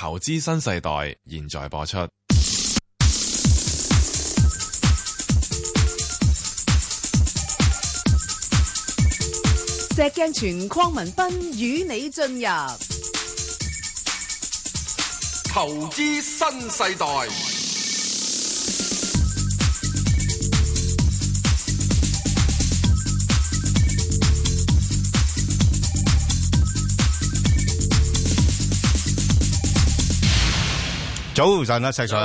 投資新世代，現在播出。石鏡泉、鄺文斌與你進入投資新世代。早晨啊，細叔。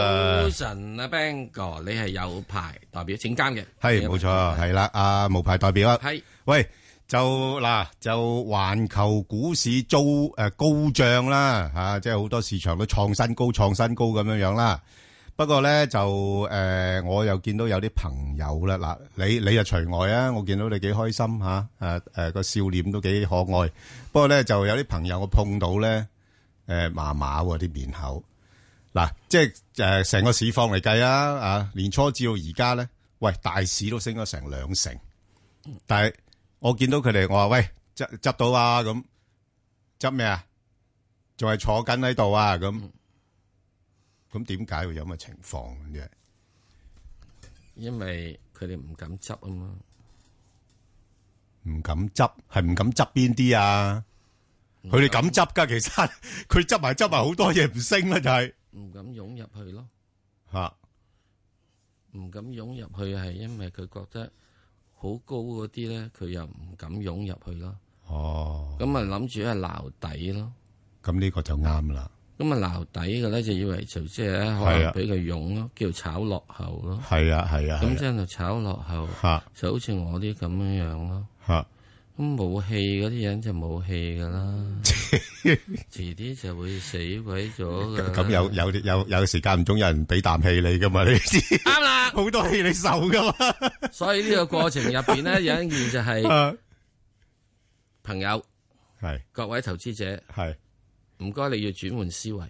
早晨啊，Bang 哥，你係有牌代表證監嘅？係，冇錯，係啦。阿無牌代表啦。係。喂，就嗱，就環球股市遭誒高漲啦，吓，即係好多市場都創新高、創新高咁樣樣啦。不過咧，就誒，我又見到有啲朋友啦，嗱，你你就除外啊。我見到你幾開心吓，誒誒，個笑臉都幾可愛。不過咧，就有啲朋友我碰到咧，誒麻麻啲面口。嗱，即係誒，成個市況嚟計啊，啊，年初至到而家咧，喂，大市都升咗成兩成，但係我見到佢哋，我話喂執執到啊，咁執咩啊？仲係坐緊喺度啊？咁咁點解會有咁嘅情況嘅？因為佢哋唔敢執啊嘛，唔敢執係唔敢執邊啲啊？佢哋敢執噶，其實佢執埋執埋好多嘢唔升啦，就係。唔敢湧入去咯，吓，唔敢湧入去係因為佢覺得好高嗰啲咧，佢又唔敢湧入去咯。哦，咁啊諗住係撈底咯，咁呢個就啱啦。咁啊撈底嘅咧就以為就即係可以俾佢湧咯，叫炒落後咯。係啊係啊，咁即係炒落後，就好似我啲咁樣樣咯。咁冇氣嗰啲人就冇氣噶啦，遲啲 就會死鬼咗。咁有有有有時間唔中，有人俾啖氣你噶嘛？你啱啦，了 好多氣你受噶嘛。所以呢個過程入邊咧， 有一件就係朋友係 各位投資者係唔該， 你要轉換思維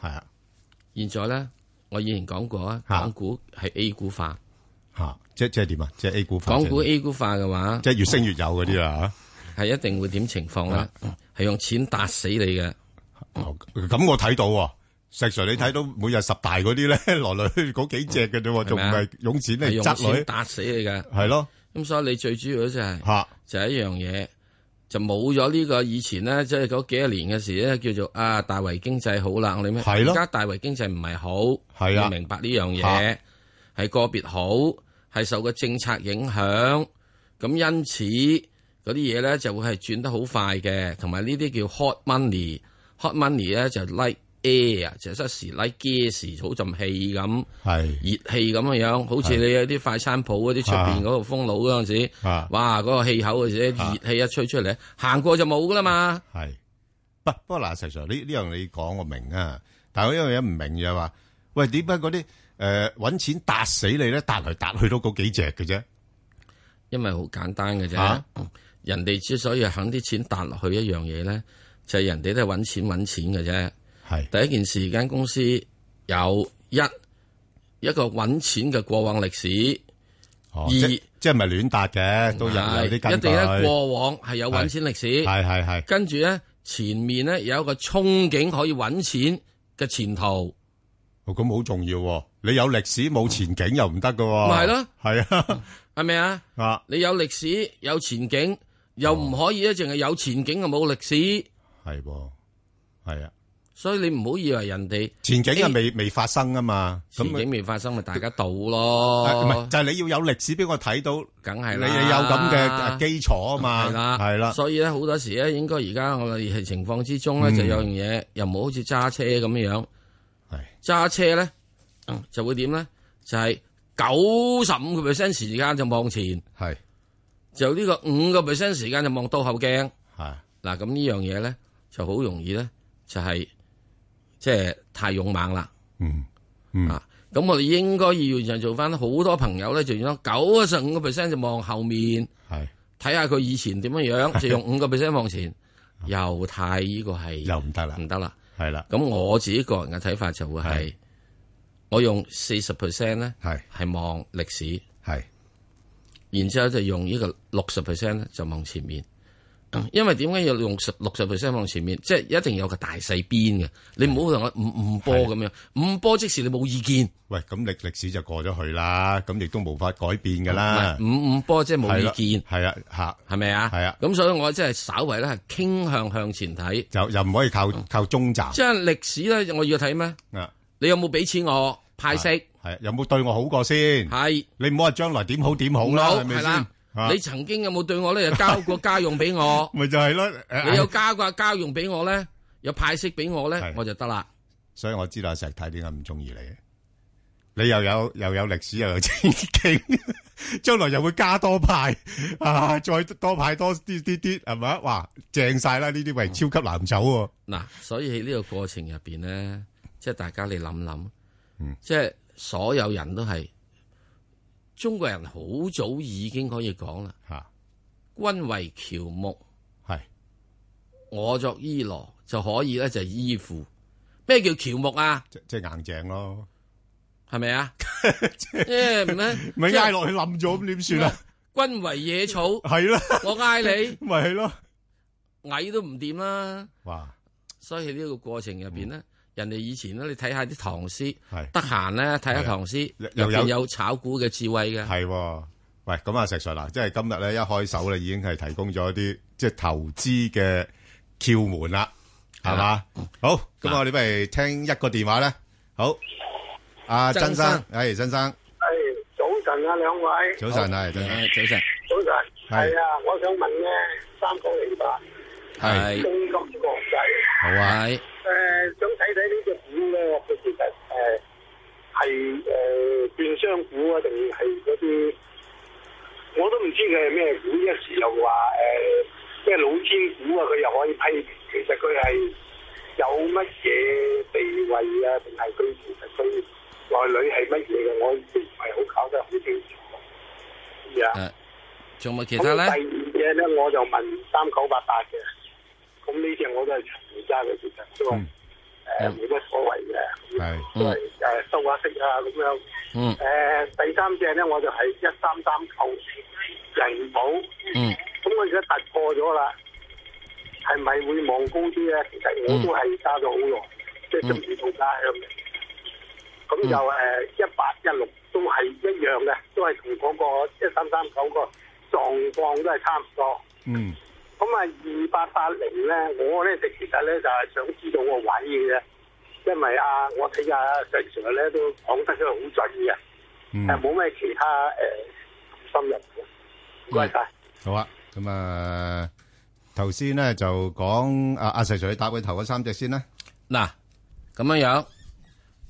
係啊。 現在咧，我以前講過啊，港股係 A 股化。吓，即即係點啊？即係 A 股港股 A 股化嘅話，即係越升越有嗰啲啦吓，係一定會點情況咧？係用錢砸死你嘅。咁我睇到，石 Sir 你睇到每日十大嗰啲咧，來來去去嗰幾隻嘅啫，仲唔係用錢嚟砸你？砸死你嘅係咯。咁所以你最主要就係就係一樣嘢，就冇咗呢個以前咧，即係嗰幾啊年嘅時咧，叫做啊大圍經濟好啦。我哋而家大圍經濟唔係好，你明白呢樣嘢係個別好。係受個政策影響，咁因此嗰啲嘢咧就會係轉得好快嘅，同埋呢啲叫 hot money，hot money 咧就是、like air，就一時 like gas，好陣氣咁，是熱氣咁嘅樣，好似你有啲快餐鋪嗰啲出邊嗰個風爐嗰陣時，是哇嗰、那個氣口嘅是熱氣一吹出嚟，行是過就冇噶啦嘛。係，不不過嗱，實際呢呢樣你講我明啊，但係我有一樣唔明就係話，喂點解嗰啲？誒，搵、呃、錢搭死你咧，搭嚟搭去都嗰幾隻嘅啫。因為好簡單嘅啫，啊、人哋之所以肯啲錢搭落去一樣嘢咧，就係、是、人哋都係搵錢搵錢嘅啫。係是第一件事，間公司有一一個搵錢嘅過往歷史。哦、二即係唔係亂搭嘅，是都有啲根據。一定咧過往係有搵錢歷史，係係係。跟住咧前面咧有一個憧憬可以搵錢嘅前途。哦，咁、嗯、好重要、啊。 你有歷史冇前景又唔得噶，咪係咯，係啊，係咪啊？啊，你有歷史有前景，又唔可以咧，淨係有前景啊，冇歷史係，係啊，所以你唔好以為人哋前景係未未發生啊嘛，前景未發生咪大家賭咯，唔係就係你要有歷史俾我睇到，梗係你你有咁嘅基礎啊嘛，係啦，係啦，所以咧好多時咧，應該而家我哋疫情情況之中咧，就有樣嘢又唔好似揸車咁樣樣，係揸車咧。就會點咧？就係九十五個 percent 時間就望前，係是就，個就是、啊、呢個五個 percent 時間就望到後鏡。係嗱，咁呢樣嘢咧就好容易咧，就係即係太勇猛啦、嗯。嗯嗯，咁、啊、我哋應該要要就做翻好多朋友咧，就用九十五個 percent 就望後面，係睇下佢以前點樣樣，就用五個 percent 望前，是又太呢個係又唔得啦，唔得啦，係啦的。咁我自己個人嘅睇法就會係是。我用四十 percent 咧，係係望歷史，係，是是 然之後就用個呢個六十 percent 咧就望前面。嗯、因為點解要用十六十 percent 望前面？即係一定有一個大細邊嘅。你唔好同我五五波咁的樣，五波即時你冇意見。喂，咁歷歷史就過咗去啦，咁亦都無法改變噶啦、嗯嗯。五五波即係冇意見，係啦，吓，係咪啊？係啊吧。咁的、嗯、所以我即係稍微咧係傾向向前睇，又又唔可以靠、嗯、靠中集。即係歷史咧，我要睇咩？啊。你有冇俾錢我派息？係有冇對我好過先？係你唔好話將來點好點好啦，係咪先？你曾經有冇對我咧又交過家用俾我？咪就係咯，你有交過家用俾我咧，有派息俾我咧，我就得啦。所以我知道阿石太點解唔中意你，你又有又有歷史又有前景，將來又會加多派啊，再多派多啲啲啲係咪，哇正晒啦！呢啲位超級難走喎。嗱，所以喺呢個過程入邊咧。即係大家你諗諗，即係所有人都係中國人，好早已經可以講啦。君為喬木，係我作伊羅就可以咧，就係依附。咩叫喬木啊？即係硬淨咯，係咪啊？即係唔咪挨落去冧咗咁點算啊？君為野草，係咯，我挨你，咪係咯，矮都唔掂啦。哇！所以喺呢個過程入邊咧。人哋以前咧，你睇下啲唐詩，得閒咧睇下唐詩，又有炒股嘅智慧嘅。係，喂，咁啊石 Sir 啦，即係今日咧一開手咧已經係提供咗一啲即係投資嘅竅門啦，係嘛？好，咁我哋不如聽一個電話咧。好，阿曾生，係曾生，係，早晨啊，兩位，早晨啊，早晨，早晨，早晨。係啊，我想問咧三九零八，係，中金國際。好、呃看看呃呃、啊！誒，想睇睇呢隻股咧，佢其實誒係誒券商股啊，定係嗰啲我都唔知佢係咩股，一時又話誒咩老千股啊，佢又可以批。其實佢係有乜嘢地位啊，定係佢其實佢內裏係乜嘢嘅？我已經唔係好搞得好清楚。係啊，仲有冇其他咧？第二嘢咧，我就問三九八八嘅。咁呢隻我都係隨意揸嘅，其實都誒冇乜所謂嘅，是嗯、都係誒收下息啊，咁樣。誒、嗯呃、第三隻咧，我就係一三三九人保，咁、嗯嗯、我而家突破咗啦，係咪會望高啲咧？其實我都係揸咗好耐，即係中意做加倉嘅。咁就誒一八一六都係一樣嘅，都係同嗰個一三三九個狀況都係差唔多。嗯。咁啊，二八八零咧，我咧其實咧就係想知道個位嘅。因為啊，我睇阿細 Sir 咧都講得佢好準嘅，係冇咩其他誒深入嘅。唔該晒，好啊。咁、呃、啊，先頭先咧就講阿阿細 Sir 去答佢頭嗰三隻先啦。嗱，咁樣樣。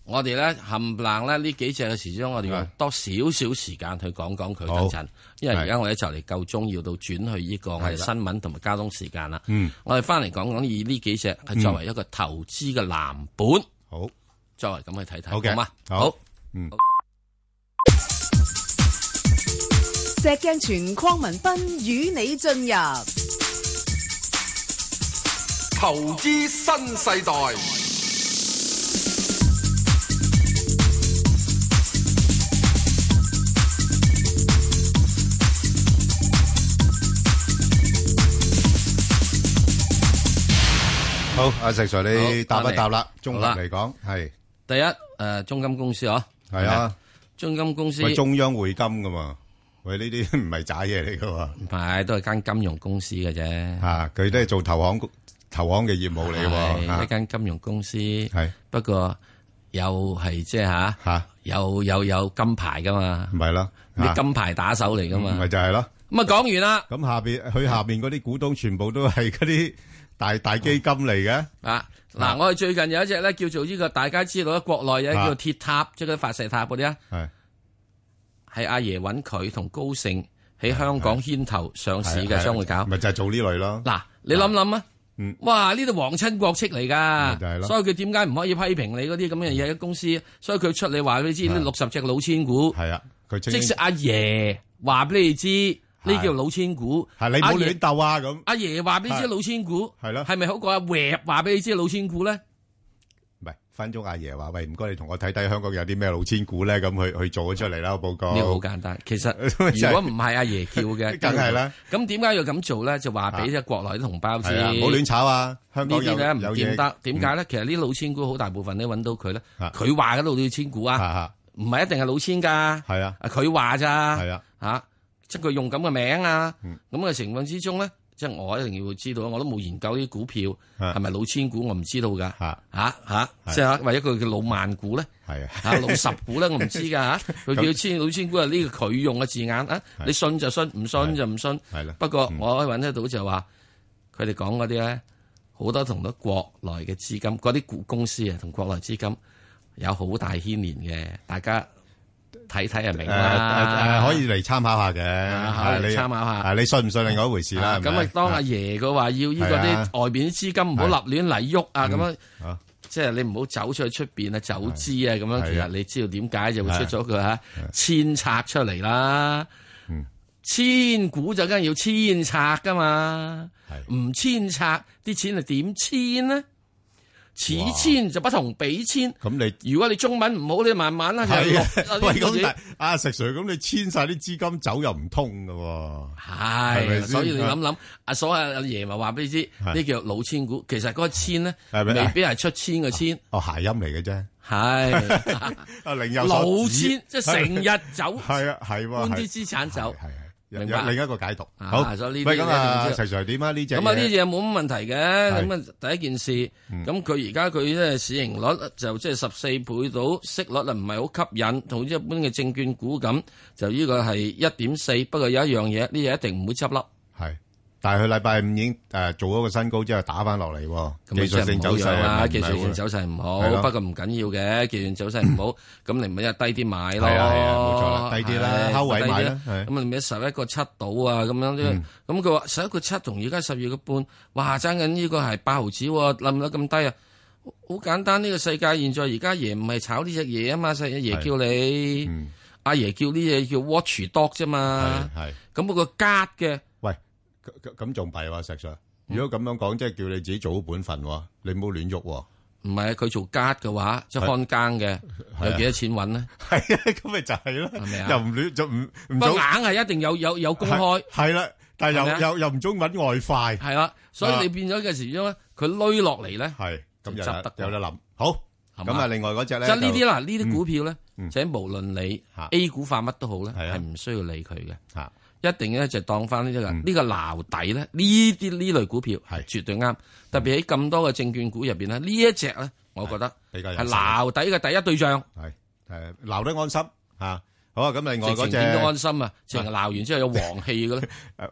我哋咧冚唪唥咧呢，呢幾隻嘅時鐘，我哋要多少少時間去講講佢一陣，因為而家我哋就嚟夠鐘，要到轉去呢個新聞同埋交通時間啦。嗯，我哋翻嚟講講以呢幾隻係作為一個投資嘅藍本，嗯、藍本好，作為咁去睇睇好嘛嗎？好，好嗯、石鏡泉匡文斌與你進入投資新世代。好，阿石 Sir，你答一答啦？中文嚟講係第一誒，中金公司哦，係啊，中金公司係中央匯金噶嘛，喂，呢啲唔係詐嘢嚟噶喎，唔係，都係間金融公司嘅啫，吓，佢都係做投行、投行嘅業務嚟，係一間金融公司，係，不過又係即係吓吓，有有有金牌噶嘛，咪咯，啲金牌打手嚟噶嘛，咪就係咯，咁啊講完啦，咁下邊佢下邊嗰啲股東全部都係嗰啲。大大基金嚟嘅啊！嗱是，我哋最近有一隻咧，叫做呢、這個大家知道嘅國內有一叫做鐵塔，是即係個發射塔嗰啲啊。係是，係阿爺揾佢同高盛喺香港牽頭上市嘅商會搞，咪就係、是、做呢類咯。嗱，你諗諗啊，是哇！呢度皇親國戚嚟噶，就是、所以佢點解唔可以批評你嗰啲咁嘅嘢嘅公司？是所以佢出嚟話俾你知，六十隻老千股。係啊，即使阿爺話俾你知。呢叫老千股，係你冇亂鬥啊！咁阿爺話俾你知老千股，係咯，係咪好過阿 r 話俾你知老千股咧？唔係分鐘，阿爺話：喂，唔該，你同我睇睇香港有啲咩老千股咧？咁去去做咗出嚟啦，報告。呢個好簡單，其實如果唔係阿爺叫嘅，梗係啦。咁點解要咁做咧？就話俾啲國內啲同胞知，唔好亂炒啊！呢啲咧唔見得，點解咧？其實啲老千股好大部分你揾到佢咧，佢話都要千股啊，唔係一定係老千噶，係啊，佢話咋，係啊，嚇。即係佢用咁嘅名啊，咁嘅情況之中咧，即係我一定要知道我都冇研究啲股票係咪老千股，我唔知道噶。嚇嚇，即係或者佢叫老萬股咧，嚇老十股咧，我唔知噶嚇。佢叫千老千股啊，呢個佢用嘅字眼啊，你信就信，唔信就唔信。係啦。不過我揾得到就係話，佢哋講嗰啲咧，好多同咗國內嘅資金，嗰啲股公司啊，同國內資金有好大牽連嘅，大家。睇睇就明啦，可以嚟參考下嘅。嚇，你參考下。啊，你信唔信另外一回事啦。咁啊，當阿爺嘅話要呢個啲外邊啲資金唔好立亂嚟喐啊，咁樣即係你唔好走出去出邊啊，走資啊，咁樣其實你知道點解就會出咗佢嚇，遷拆出嚟啦。嗯，遷股就梗係要遷拆㗎嘛，唔遷拆啲錢係點遷呢？此遷就不同，比遷咁你。如果你中文唔好，你慢慢啦。係啊，喂咁但阿石 Sir，咁你遷晒啲資金走又唔通噶喎。係的，是是所以你諗諗，阿所阿爺咪話俾你知，呢是的 üst 叫老千股，其實嗰個千咧未必係出千嘅千，哦、哎，諧音嚟嘅啫。係、哎，阿零有老千，即係成日走，係啊係。搬啲資產走。另一個解讀，啊、好。唔係咁啊，齊齊點啊？呢隻咁啊，呢隻冇乜問題嘅。咁啊是，第一件事，咁佢而家佢即係市盈率就即係十四倍到，息率啊唔係好吸引，同一般嘅證券股咁，就呢個係一點四。不過有一樣嘢，呢隻一定唔會執笠。但係佢禮拜五已經誒做咗個新高，之後打翻落嚟，技術性走勢啦，技術性走勢唔好。不過唔緊要嘅，技術性走勢唔好，咁你咪一低啲買咯。係啊冇錯，低啲啦，低位買啦。咁你咪十一個七到啊，咁樣啫。咁佢話十一個七同而家十二個半，哇，爭緊呢個係八毫子，冧到咁低啊！好簡單，呢個世界現在而家爺唔係炒呢隻嘢啊嘛，細嘢爺叫你，阿爺叫呢嘢叫 watch dog 啫嘛。係啊係。咁個加嘅。咁仲弊話，石 Sir，如果咁樣講，即係叫你自己做好本份，你唔好亂喐。唔係佢做家嘅話，即係看更嘅，有幾多錢揾咧？係啊，咁咪就係咯，係咪啊？又唔亂就唔唔，硬係一定有有有公開。係啦，但係又又又唔中揾外快。係啦，所以你變咗嘅時候，因為佢累落嚟咧，係咁就得有得諗。好，咁啊，另外嗰隻咧，即係呢啲啦，呢啲股票咧，即係無論你 A 股化乜都好咧，係唔需要理佢嘅。一定咧就當翻呢隻，呢個撈底咧呢啲呢類股票係絕對啱，特別喺咁多嘅證券股入邊咧呢一隻咧，我覺得比較係撈底嘅第一對象，係係撈得安心吓。好啊，咁另外嗰隻安心啊，成日撈完之後有皇氣嘅，誒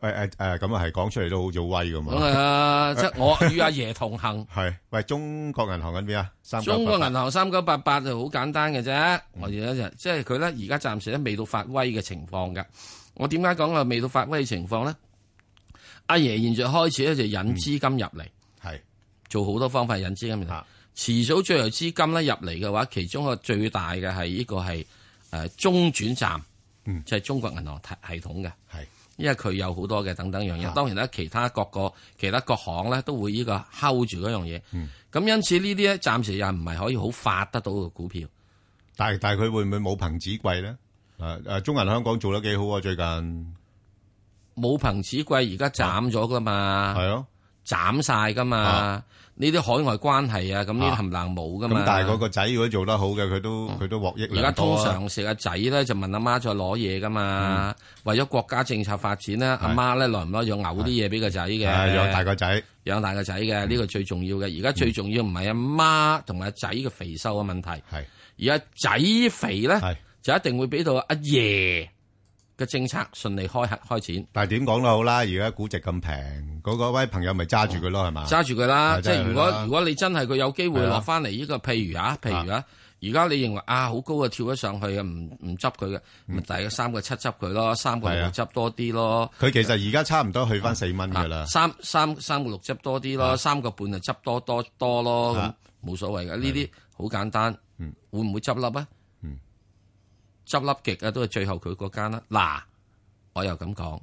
誒誒，咁啊係講出嚟都好有威嘅嘛。係啊，即係我與阿爺同行。係喂，中國銀行喺邊啊？中國銀行三九八八啊，好簡單嘅啫。我哋咧就即係佢咧，而家暫時咧未到發威嘅情況㗎。我點解講係未到發威嘅情況咧？阿爺現在開始咧就引資金入嚟，係、嗯、做好多方法引資金入嚟。遲是早最後資金咧入嚟嘅話，其中個最大嘅係呢個係誒中轉站，嗯、就係中國銀行係系統嘅。係是，因為佢有好多嘅等等樣嘢。是當然啦，其他各個其他各行咧都會呢、這個 hold 住嗰樣嘢。咁、嗯、因此呢啲咧，暫時又唔係可以好發得到嘅股票。但係但係佢會唔會冇憑子貴咧？誒誒，中銀香港做得幾好啊！最近冇憑子貴，而家斬咗噶嘛？係咯，斬晒噶嘛？呢啲海外關係啊，咁呢啲冚唪唥冇噶嘛？但係嗰個仔如果做得好嘅，佢都佢都獲益。而家通常食阿仔咧，就問阿媽再攞嘢噶嘛？為咗國家政策發展咧，阿媽咧耐唔多要嘔啲嘢俾個仔嘅。養大個仔，養大個仔嘅呢個最重要嘅。而家最重要唔係阿媽同阿仔嘅肥瘦嘅問題，係而家仔肥咧。就一定會俾到阿爺嘅政策順利開開展。但係點講都好啦，而家估值咁平，嗰嗰位朋友咪揸住佢咯，係嘛？揸住佢啦，即係如果如果你真係佢有機會落翻嚟，呢個譬如啊，譬如啊，而家你認為啊好高啊跳咗上去啊，唔唔執佢嘅，咪大約三個七執佢咯，三個六執多啲咯。佢其實而家差唔多去翻四蚊噶啦。三三三個六執多啲咯，三個半就執多多多咯，咁冇所謂噶，呢啲好簡單。會唔會執笠啊？執笠極啊，都係最後佢嗰間啦。嗱，我又咁講，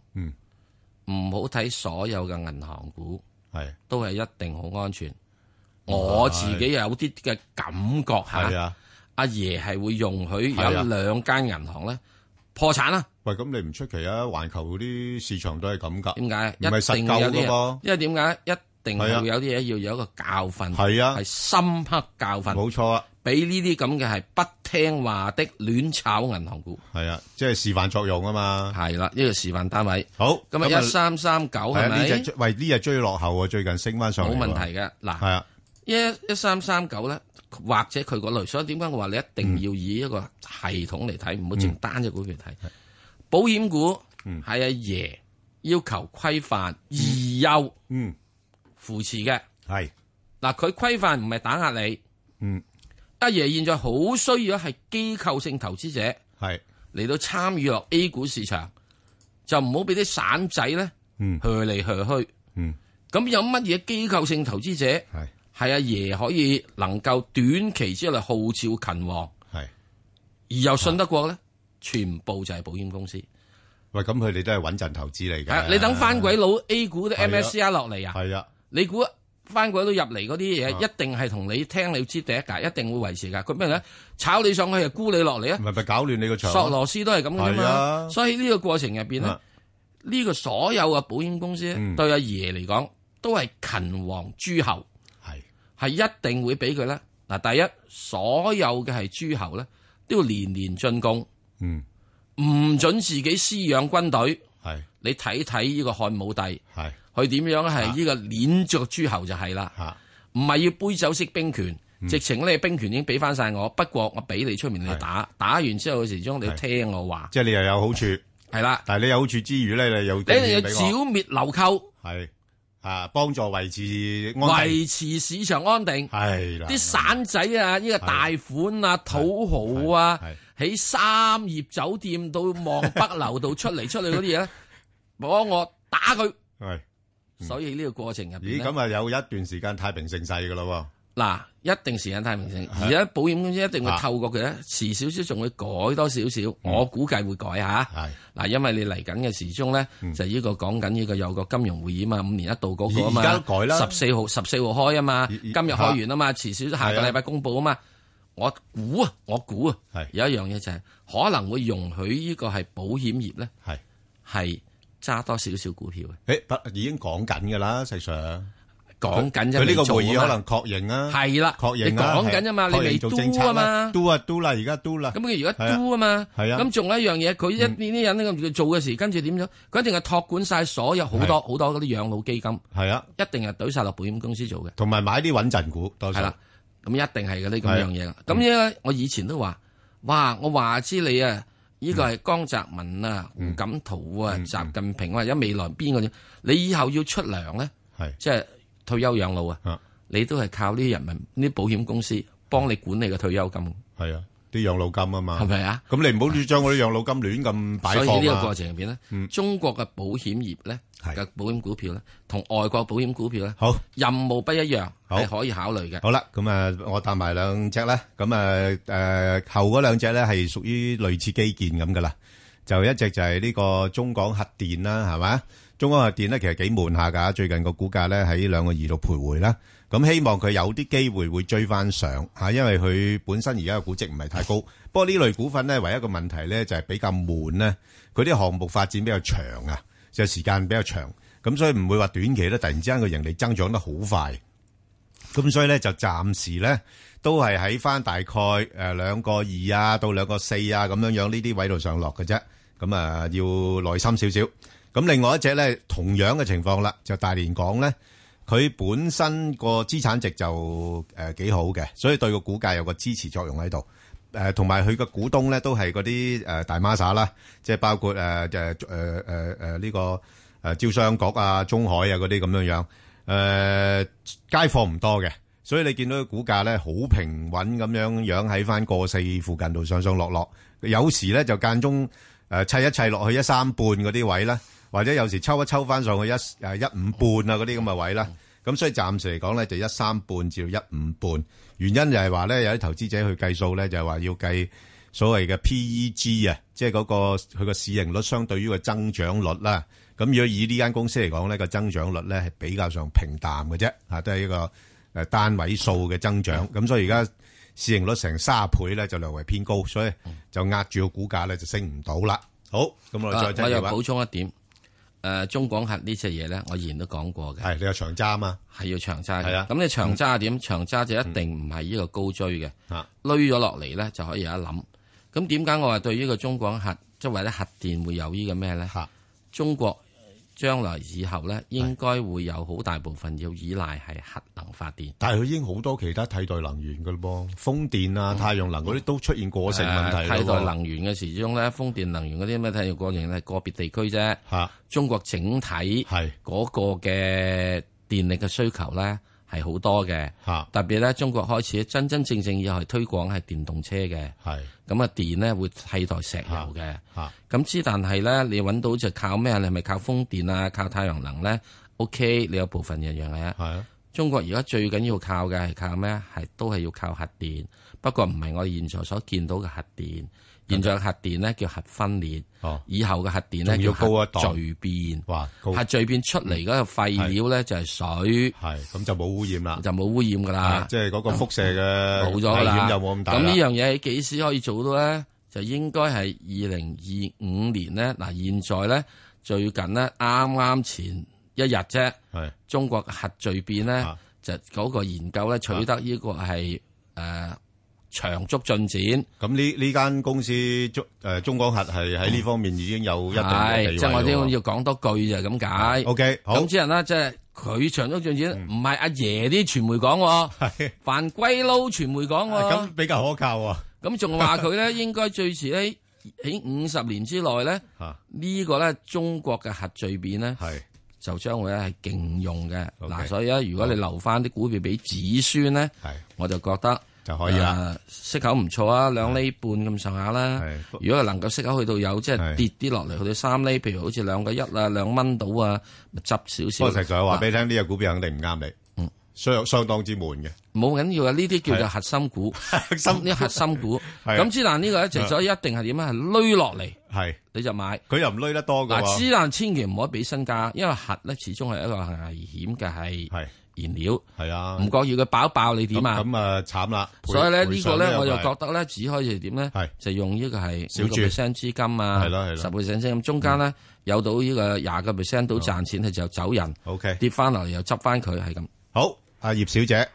唔好睇所有嘅銀行股，都係一定好安全。我自己有啲嘅感覺吓，阿爺係會容許有兩間銀行咧破產啦。喂，咁你唔出奇啊？環球嗰啲市場都係咁噶。點解？唔係實夠噶噃？因為點解？一定會有啲嘢要有一個教訓，係深刻教訓。冇錯啊！俾呢啲咁嘅係不聽話的亂炒銀行股，係啊，即係示範作用啊嘛。係啦，呢個示範單位。好，咁啊，一三三九係咪？呢隻喂呢隻追落後啊，最近升翻上嚟。冇問題嘅，嗱，一一三三九咧，或者佢嗰類。所以點解我話你一定要以一個系統嚟睇，唔好淨單隻股票睇。保險股係阿爺要求規範二優，嗯，扶持嘅係嗱，佢規範唔係打壓你，嗯。阿爺現在好需要係機構性投資者，係嚟到參與落 A 股市場，的嗯、就唔好俾啲散仔咧，去嚟去去。嗯，咁有乜嘢機構性投資者係？係阿爺可以能夠短期之內號召勤王，係，的嗯、而又信得過咧，全部就係保險公司。喂，咁佢哋都係穩陣投資嚟嘅？你等翻鬼佬的 A 股啲 MSCI 落嚟啊，係啊，你估？翻鬼到入嚟嗰啲嘢，一定係同你聽你知第一屆，一定會維持噶。佢咩咧？炒你上去啊，沽你落嚟啊，係咪搞亂你個場？索羅斯都係咁噶嘛，所以呢個過程入邊咧，呢個所有嘅保險公司咧，對阿爺嚟講，都係勤王諸侯，係係一定會俾佢咧。嗱，第一，所有嘅係諸侯咧，都要年年進攻，嗯，唔准自己私養軍隊，係你睇睇呢個漢武帝，係。佢點樣係呢個鏈着諸侯就係啦，唔係要杯酒釋兵權，直情呢，兵權已經俾翻晒我。不過我俾你出面你打，打完之後佢時中你聽我話，即係你又有好處，係啦。但係你有好處之餘咧，你又你要剿滅流寇，係啊，幫助維持安維持市場安定，係啦。啲散仔啊，呢個大款啊，土豪啊，喺三葉酒店到望北樓度出嚟出嚟嗰啲嘢咧，幫我打佢。所以呢個過程入邊，咦咁啊有一段時間太平盛世噶咯喎。嗱，一定時間太平盛世，而家保險公司一定會透過嘅，咧，遲少少仲會改多少少，我估計會改下，係嗱，因為你嚟緊嘅時鐘咧，就呢個講緊呢個有個金融會議啊嘛，五年一度嗰個啊嘛，而家十四號十四號開啊嘛，今日開完啊嘛，遲少下個禮拜公布啊嘛，我估啊，我估啊，有一樣嘢就係可能會容許呢個係保險業咧，係係。揸多少少股票啊？誒，已經講緊㗎啦，事實上。講緊啫。佢呢個會議可能確認啊，係啦，確認啦。講緊啫嘛，你未做政策嘛？do 啊 do 啦，而家 do 啦。咁佢而家 do 啊嘛，係啊。咁仲有一樣嘢，佢一呢啲人咧咁做嘅時，跟住點樣佢一定係託管晒所有好多好多嗰啲養老基金，係啊，一定係攤晒落保險公司做嘅，同埋買啲穩陣股。係啦，咁一定係嘅呢咁樣嘢啦。咁咧，我以前都話，哇，我話知你啊。呢個係江澤民啊、嗯、胡錦濤啊、習、嗯、近平啊，而家、嗯嗯、未來邊個啫？你以後要出糧咧，係是即係退休養老啊，啊你都係靠啲人民、啲保險公司幫你管理個退休金。係啊。啲養老金啊嘛，係咪啊？咁你唔好將我啲養老金亂咁擺放啊嘛。所以呢個過程入邊咧，中國嘅保險業咧嘅保險股票咧，同外國保險股票咧，好任務不一樣，你可以考慮嘅。好啦，咁啊，我搭埋兩隻咧，咁啊誒後嗰兩隻咧係屬於類似基建咁噶啦，就一隻就係呢個中港核電啦，係嘛？中港核電咧其實幾悶下㗎，最近個股價咧喺兩個二度徘徊啦。咁希望佢有啲機會會追翻上嚇，因為佢本身而家嘅估值唔係太高。不過呢類股份咧，唯一個問題咧就係比較悶咧，佢啲項目發展比較長啊，即係時間比較長，咁所以唔會話短期咧突然之間個盈利增長得好快。咁所以咧就暫時咧都係喺翻大概誒兩個二啊到兩個四啊咁樣樣呢啲位度上落嘅啫。咁啊要耐心少少。咁另外一隻咧同樣嘅情況啦，就大連港咧。佢本身個資產值就誒幾、呃、好嘅，所以對個股價有個支持作用喺度。誒、呃，同埋佢個股東咧都係嗰啲誒大孖沙啦，即係包括誒誒誒誒呢個誒招、呃呃、商局啊、中海啊嗰啲咁樣樣。誒、呃，街貨唔多嘅，所以你見到個股價咧好平穩咁樣樣，喺翻個四附近度上上落落，有時咧就間中誒、呃、砌一砌落去一三半嗰啲位啦，或者有時抽一抽翻上去一誒一五半啊嗰啲咁嘅位啦，咁、嗯嗯、所以暫時嚟講咧就一三半至到一五半，原因就係話咧有啲投資者去計數咧就係話要計所謂嘅 PEG 啊，即係嗰個佢個市盈率相對於個增長率啦。咁如果以呢間公司嚟講咧個增長率咧係比較上平淡嘅啫，嚇都係一個誒單位數嘅增長。咁所以而家市盈率成三倍咧就略為偏高，所以就壓住個股價咧就升唔到啦。好，咁我再繼續、啊、我又補充一點。誒、呃、中廣核呢隻嘢咧，我以前都講過嘅。係你有長揸啊嘛，係要長揸嘅。啊的，咁你長揸係點？嗯、長揸就一定唔係呢個高追嘅，攏咗落嚟咧就可以有一諗。咁點解我話對呢個中廣核，即係或者核電會有呢個咩咧？嚇、啊，中國。將來以後咧，應該會有好大部分要依賴係核能發電，但係佢已經好多其他替代能源噶啦噃，風電啊、嗯、太陽能嗰啲都出現過剩問題替、呃、代能源嘅時之中咧，風電能源嗰啲咩替代過剩係個別地區啫，啊、中國整體係嗰個嘅電力嘅需求咧。係好多嘅，特別咧，中國開始真真正正以後係推廣係電動車嘅，咁啊的電咧會替代石油嘅，咁之但係咧，你揾到就靠咩？你係咪靠風電啊？靠太陽能咧？OK，你有部分一樣樣、啊、嘅，的中國而家最緊要靠嘅係靠咩？係都係要靠核電，不過唔係我現在所見到嘅核電。現在核電咧叫核分裂，以後嘅核電咧要高一檔聚變，核聚變出嚟嗰個廢料咧是就係水，係咁就冇污染啦，就冇污染噶啦，即係嗰個輻射嘅污染又冇咁大。咁呢樣嘢幾時可以做到咧？就應該係二零二五年咧。嗱，現在咧最近咧啱啱前一日啫，是是中國核聚變咧就嗰個研究咧取得呢個係誒。呃長足進展，咁呢呢間公司中誒中廣核係喺呢方面已經有一定嘅地位咯。即係我都要講多句就係咁解。O K，好。咁知人啦，即係佢長足進展，唔係阿爺啲傳媒講喎，係番鬼佬傳媒講喎。咁比較可靠喎。咁仲話佢咧應該最遲咧喺五十年之內咧，呢個咧中國嘅核聚變咧就將會咧係應用嘅嗱。所以咧，如果你留翻啲股票俾子孫咧，我就覺得。就可以啦，息口唔錯啊，兩厘半咁上下啦。如果係能夠息口去到有，即係跌啲落嚟去到三厘，譬如好似兩個一啊，兩蚊到啊，咪執少少。不過實在話俾你聽，呢個股票肯定唔啱你，嗯，相相當之悶嘅。冇緊要啊，呢啲叫做核心股，啲核心股。咁之但呢個一成咗一定係點樣？係攞落嚟，係你就買。佢又唔攞得多噶。之但千祈唔好俾身家，因為核咧始終係一個危險嘅係燃料係啊，唔覺意佢爆爆你點啊？咁啊慘啦！所以咧呢個咧，我就覺得咧只可以係點咧，就用呢個係小注，percent 資金啊，係咯係咯，十 percent 資金，中間咧有到呢個廿個 percent 到賺錢佢就走人。OK，跌翻落嚟又執翻佢係咁。好，阿葉小姐。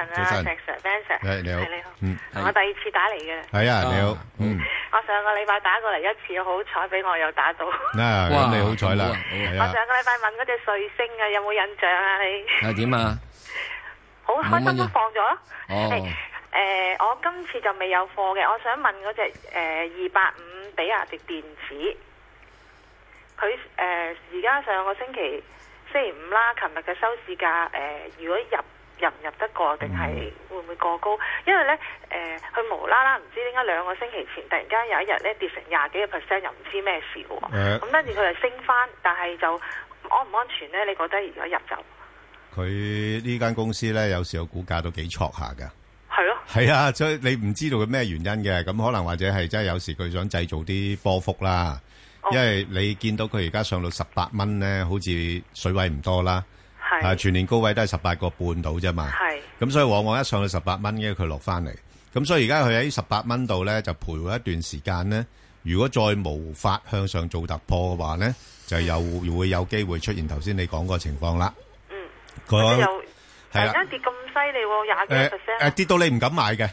早晨，你好，你好，我第二次打嚟嘅。係啊，你好，我上個禮拜打過嚟一次，好彩俾我有打到。你好彩啦，我上個禮拜問嗰隻瑞星啊，有冇印象啊？你啊點啊？好開心都放咗。誒，我今次就未有貨嘅，我想問嗰隻誒二百五比亞迪電子，佢誒而家上個星期星期五啦，琴日嘅收市價誒，如果入？入唔入得過定係會唔會過高？因為呢，誒、呃，佢無啦啦唔知點解兩個星期前突然間有一日呢跌成廿幾個 percent，又唔知咩事喎。咁、呃、跟住佢就升翻，但係就安唔安全呢？你覺得如果入就佢呢間公司呢，有時個股價都幾錯下㗎。係咯、啊，係啊，所以你唔知道佢咩原因嘅。咁可能或者係真係有時佢想製造啲波幅啦。因為你見到佢而家上到十八蚊呢，好似水位唔多啦。係、啊、全年高位都係十八個半度啫嘛，咁是、啊、所以往往一上到十八蚊嘅佢落翻嚟，咁所以而家佢喺十八蚊度咧就徘徊一段時間咧，如果再無法向上做突破嘅話咧，就又、嗯、會有機會出現頭先你講個情況啦。嗯，佢又係啊跌咁犀利，廿幾 percent。誒、啊啊啊、跌到你唔敢買嘅。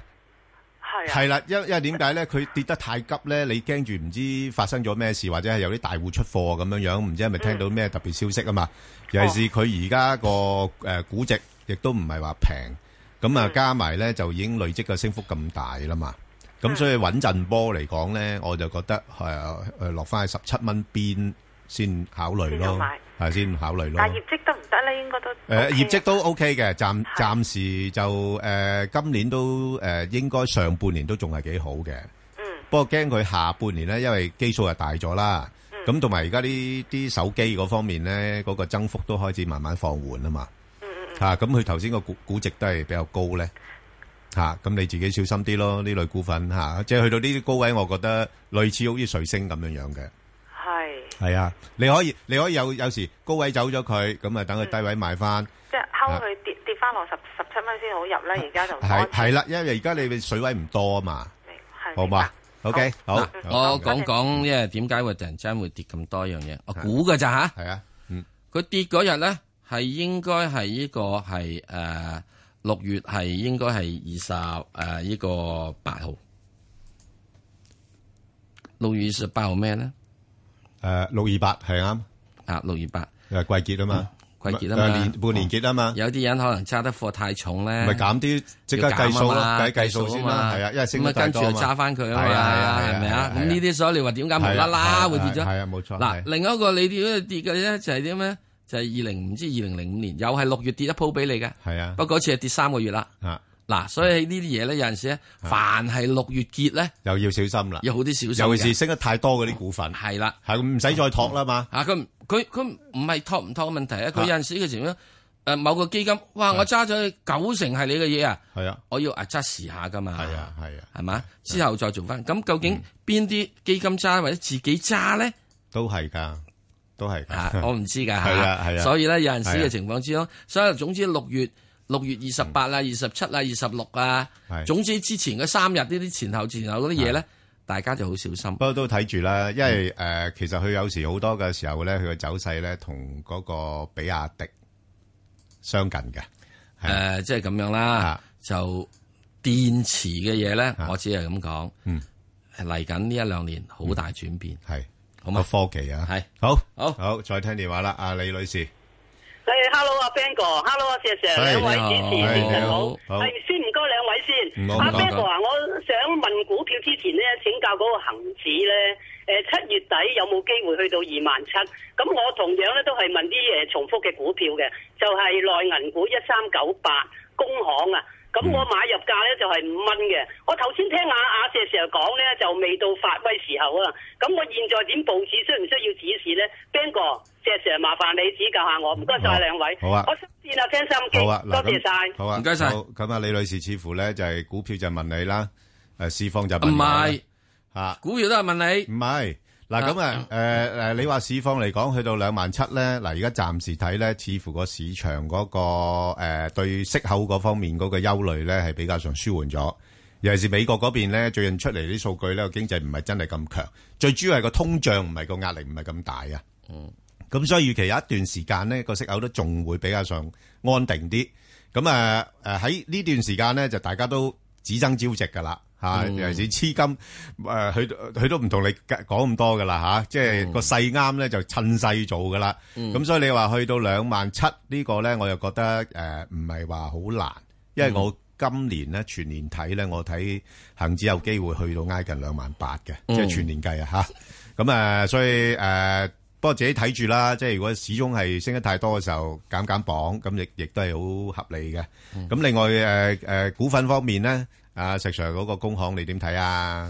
係啦，因因為點解咧？佢跌得太急咧，你驚住唔知發生咗咩事，或者係有啲大戶出貨咁樣樣，唔知係咪聽到咩特別消息啊嘛？嗯、尤其是佢而家個誒估值亦都唔係話平，咁啊、嗯、加埋咧就已經累積嘅升幅咁大啦嘛。咁所以穩陣波嚟講咧，我就覺得係誒落翻喺十七蚊邊先考慮咯。係先考慮咯。但係業績得唔得咧？應該都誒，業績都 OK 嘅，暫暫時就誒，今年都誒，應該上半年都仲係幾好嘅。嗯。不過驚佢下半年咧，因為基數又大咗啦。嗯。咁同埋而家呢啲手機嗰方面咧，嗰個增幅，都開始慢慢放緩啊嘛。嗯嗯嗯。吓，咁佢頭先個估估值,都係比較高咧。吓，咁你自己小心啲咯，呢類股份吓，即係去到呢啲高位，我覺得類似好似瑞聲咁樣樣嘅。係啊，你可以你可以有有時高位走咗佢，咁啊等佢低位買翻，即係敲佢跌跌翻落十十七蚊先好入咧。而家就係係啦，因為而家你水位唔多啊嘛，好嘛？OK，好，我講講即係點解會突然間會跌咁多樣嘢。我估㗎咋吓？係啊，佢跌嗰日咧係應該係呢個係誒六月係應該係二十誒呢個八號，六月二十八號咩咧？誒，六二八係啱？啊六二八誒，季結啊嘛，季結啊嘛，年半年結啊嘛，有啲人可能揸得貨太重咧，咪減啲即刻計數啦。計計數先啦，係啊，因為升咗，咁啊跟住又揸翻佢啊，係啊，係咪啊？咁呢啲所以話點解無啦啦會跌咗？係啊，冇錯。嗱，另一個你點解跌嘅咧就係點咧？就係二零唔知二零零五年又係六月跌一鋪俾你嘅，係啊，不過嗰次係跌三個月啦，啊。嗱，所以呢啲嘢咧，有陣時咧，凡係六月結咧，又要小心啦。要好啲小心，尤其是升得太多嗰啲股份。係啦，係唔使再托啦嘛。啊，佢佢佢唔係托唔托嘅問題啊，佢有陣時嘅情況，誒某個基金，哇，我揸咗九成係你嘅嘢啊。係啊，我要壓測試下噶嘛。係啊，係啊，係嘛？之後再做翻。咁究竟邊啲基金揸或者自己揸咧？都係噶，都係。嚇，我唔知㗎嚇。係啊，係啊。所以咧，有陣時嘅情況之咯。所以總之六月。六月二十八啦，二十七啦，二十六啊，總之之前嗰三日呢啲，前後前後嗰啲嘢咧，大家就好小心。不過都睇住啦，因為誒，其實佢有時好多嘅時候咧，佢嘅走勢咧，同嗰個比亞迪相近嘅。誒，即係咁樣啦，就電池嘅嘢咧，我只係咁講。嗯，嚟緊呢一兩年好大轉變，係好嘛科技啊，係好好好，再聽電話啦，阿李女士。hello 阿 Bang 哥，hello 阿 Sir 兩 Hey, 位主持，你 Hey, 好，係好先唔該兩位先。阿 Bang 哥啊，不我想問股票之前咧，請教嗰個恒指咧，誒、呃、七月底有冇機會去到二萬七？咁我同樣咧都係問啲誒、呃、重複嘅股票嘅，就係、是、內銀股一三九八，工行啊。咁、嗯嗯、我買入價咧就係五蚊嘅，我頭先聽阿阿謝成日講咧就未到發威時候啊，咁我現在點布置需唔需要指示咧？邊個？謝成日麻煩你指教下我，唔該晒兩位。好啊，我先謝啦，fans。好啊，多謝晒那。唔該晒。咁啊，李女士似乎咧就係股票就問你啦，誒，市況就問你。唔係。吓，股票都係問你。唔係。嗱咁啊，誒、嗯、誒、嗯啊，你話市況嚟講去到兩萬七咧，嗱而家暫時睇咧，似乎個市場嗰、那個誒、呃、對息口嗰方面嗰個憂慮咧係比較上舒緩咗，尤其是美國嗰邊咧，最近出嚟啲數據咧，經濟唔係真係咁強，最主要係個通脹唔係個壓力唔係咁大、嗯、啊，嗯，咁所以預期有一段時間咧個息口都仲會比較上安定啲，咁啊誒喺呢段時間咧就大家都只爭朝夕噶啦。吓，尤其是黐金，誒，佢佢都唔同你講咁多噶啦吓，即係個勢啱咧就趁勢做噶啦。咁所以你話去到兩萬七呢個咧，我又覺得誒唔係話好難，因為我今年咧全年睇咧，我睇恒指有機會去到挨近兩萬八嘅，即係全年計啊吓。咁啊，所以誒，不過自己睇住啦。即係如果始終係升得太多嘅時候，減減磅，咁亦亦都係好合理嘅。咁另外誒誒，股份方面咧。阿石 Sir 嗰個工行你點睇啊？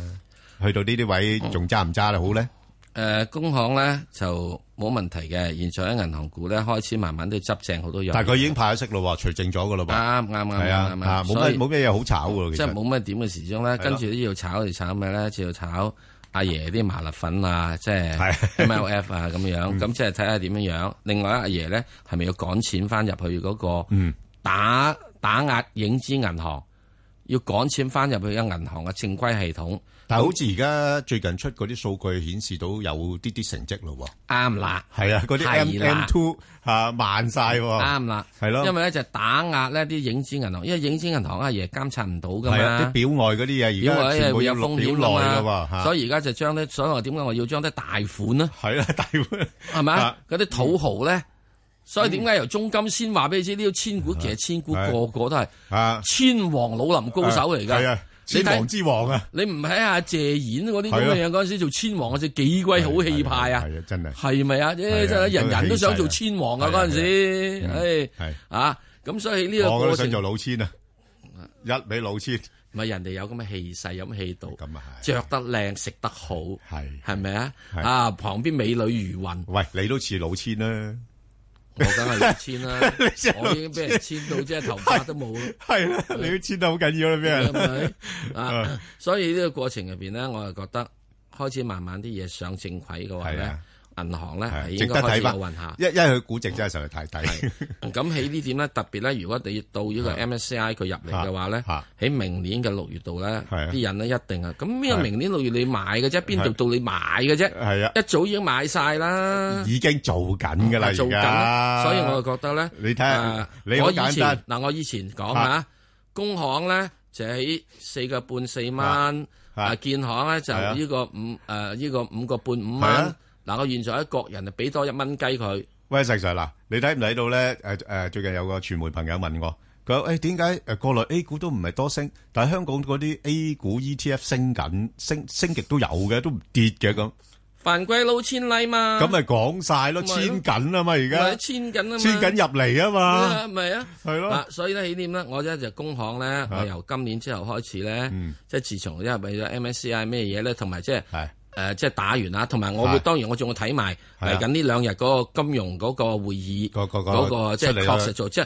去到呢啲位仲揸唔揸得好咧？誒，工行咧就冇問題嘅。現在啲銀行股咧開始慢慢都執正好多嘢。但係佢已經派咗息啦喎，除淨咗嘅啦喎。啱啱啱係啊，冇乜冇乜嘢好炒嘅。即係冇乜點嘅時鐘咧，跟住都要炒嚟炒咩咧？就要炒阿爺啲麻辣粉啊，即係 MLF 啊咁樣。咁即係睇下點樣樣。另外阿爺咧係咪要趕錢翻入去嗰個打打壓影子銀行？要趕錢翻入去間銀行嘅正規系統，但係好似而家最近出嗰啲數據顯示到有啲啲成績咯喎，啱啦了，係的啊，嗰啲 M N two 嚇慢晒喎，啱啦了，係咯的，因為咧就、打壓呢啲影子銀行，因為影子銀行阿爺監察唔到噶嘛，啲表外嗰啲嘢而家全部有封表內，所以而家就將啲，所以話點解我要將啲大款呢？係啦，大款係咪啊？嗰啲的 土豪咧。所以點解由中金先話俾你知呢？千古其實千古個個都係千王老林高手嚟噶係啊，千王之王啊！你唔睇下謝賢嗰啲咁嘅嘢嗰陣時做千王啊，就幾鬼好氣派啊！係啊，真係係咪啊？真係人人都想做千王啊！嗰陣時，唉，啊，咁所以呢個我都想做老千啊！一味老千，咪人哋有咁嘅氣勢，有咁氣度，咁啊係着得靚，食得好，係係咪啊？啊，旁邊美女如雲，喂，你都似老千啊。 我梗係亂簽啦， 笑我已經俾人簽到即係頭髮都冇咯，係啦 對、啊，你都簽到好緊要啦、啊，咩啊 所以呢個過程入邊咧，我就覺得開始慢慢啲嘢上正軌嘅話咧。 銀行咧係應該開始有運吓，一因為佢估值真係實在太低。咁喺呢點咧，特別咧，如果你到呢個 MSCI 佢入嚟嘅話咧，喺明年嘅六月度咧，啲人咧一定啊。咁呢個明年六月你買嘅啫，邊度到你買嘅啫？係啊，一早已經買晒啦。已經做緊噶啦，而家，所以我就覺得咧，你睇下，我以前嗱，我以前講吓，工行咧就喺四個半四蚊，啊建行咧就呢個五誒呢個五個半五蚊。嗱，我現在一個人啊，俾多一蚊雞佢。喂，細細嗱，你睇唔睇到咧？誒誒，最近有個傳媒朋友問我，佢話：誒點解誒國內 A 股都唔係多升，但係香港嗰啲 A 股 ETF 升緊，升升極都有嘅，都唔跌嘅咁。凡貴攞千利嘛。咁咪講曬咯，牽緊啦嘛，而家牽緊啦，牽緊入嚟啊嘛。唔係啊，係咯。所以咧，起點咧，我咧就工行咧，由今年之後開始咧，即係自從因為為咗 MSCI 咩嘢咧，同埋即係。誒，即係打完啦，同埋我會當然我仲會睇埋嚟緊呢兩日嗰個金融嗰個會議嗰個即係確實做，即係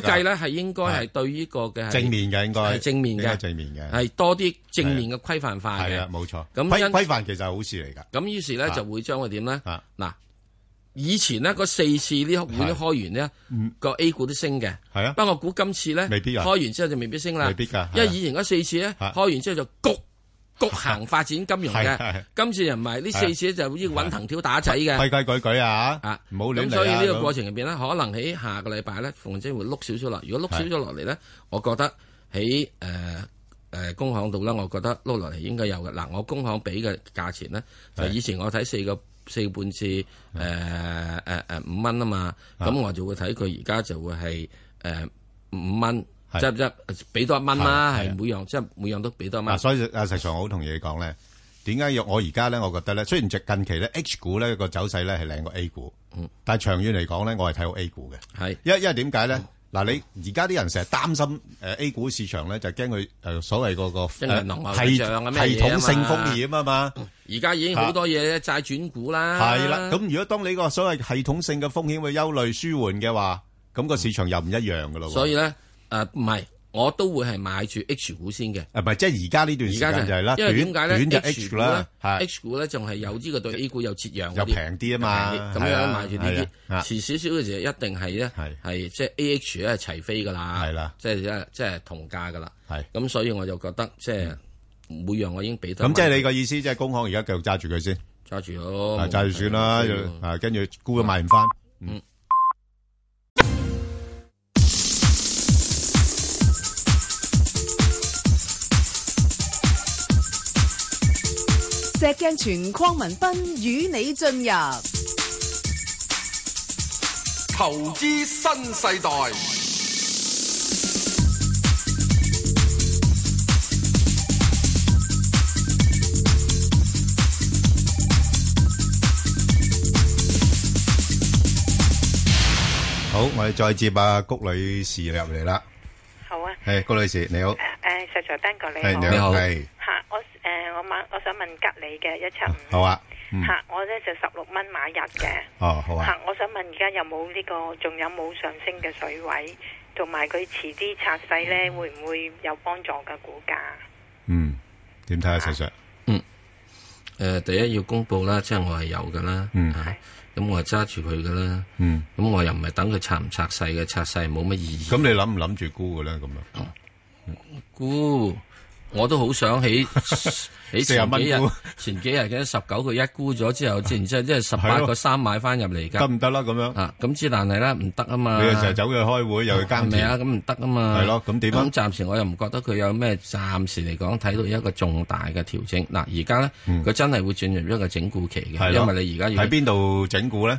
估計咧係應該係對呢個嘅正面嘅應該係正面嘅係多啲正面嘅規範化嘅，係啊，冇錯咁規規範其實係好事嚟㗎。咁於是呢，就會將佢點呢？嗱，以前呢嗰四次呢會開完呢個 A 股都升嘅，係啊。不過估今次呢，未必開完之後就未必升啦，因為以前嗰四次呢，開完之後就焗。局限發展金融嘅， 是的 今次又唔係呢，四次就要該揾是的 藤條打仔嘅，規規矩矩啊啊，冇亂嚟啦。咁所以呢個過程入邊呢，可能喺下個禮拜咧，鳳姐會碌少少落。如果碌少咗落嚟咧，我覺得喺誒誒工行度咧，我覺得碌落嚟應該有嘅。嗱，我工行俾嘅價錢呢，就以前我睇四個四半次誒誒誒五蚊啊嘛，咁、嗯嗯啊、我就會睇佢而家就會係誒、呃、五蚊。即係即係俾多一蚊啦，係每樣即係每樣都俾多一蚊。所以阿石常，我好同意你講咧，點解我而家咧，我覺得咧，雖然即係近期咧，H 股咧個走勢咧係靚過 A 股，嗯，但係長遠嚟講咧，我係睇好 A 股嘅，係，因為因為點解咧？嗱，你而家啲人成日擔心誒 A 股市場咧，就驚佢誒所謂個個係系統性風險啊嘛。而家已經好多嘢債轉股啦，係啦。咁如果當你個所謂系統性嘅風險會憂慮舒緩嘅話，咁個市場又唔一樣噶咯。所以咧。誒，唔係，我都會係買住 H 股先嘅。誒，唔係，即係而家呢段時間就係啦，因為點解咧？H 股咧，H 股咧仲係有呢個對 A 股有折讓嗰啲，又平啲啊嘛，咁樣買住呢啲，遲少少嘅時候一定係咧，係即係 A H 咧係齊飛噶啦，即係即係同價噶啦，係。咁所以我就覺得即係每樣我已經俾到咁，即係你個意思即係工行而家繼續揸住佢先，揸住咯，揸住算啦，跟住沽咗買唔翻，嗯。石鏡泉，鄺文斌與你進入投資新世代。好，我哋再接阿谷女士入嚟啦。好啊，係，hey，谷女士你好。誒，實在丹哥你好，你好，係吓誒、啊，我問、哦啊，我想問吉利嘅一七五，好啊，吓我咧就十六蚊買入嘅，哦好啊，吓我想問而家有冇呢、這個，仲有冇上升嘅水位，同埋佢遲啲拆細咧會唔會有幫助嘅股價？嗯，點睇啊，細 Sir？嗯，誒、呃，第一要公布啦，即係我係有噶啦，嗯吓，咁我係揸住佢噶啦，嗯，咁我又唔係等佢拆唔拆細嘅，拆細冇乜意義。咁你諗唔諗住沽嘅咧？咁、嗯、啊，沽、嗯。嗯嗯嗯我都好想起，前幾日前幾日嘅十九個一沽咗之後，然 之後即係十八個三買翻入嚟噶，得唔得啦？咁樣啊，咁之但係咧唔得啊嘛，你又就係走去開會，又去監察，咁唔得啊嘛，係咯，咁點啊？咁暫、 哦、時我又唔覺得佢有咩，暫時嚟講睇到一個重大嘅調整。嗱、啊，而家咧，佢、嗯、真係會進入一個整固期嘅、 哦，因為你而家要喺邊度整固咧？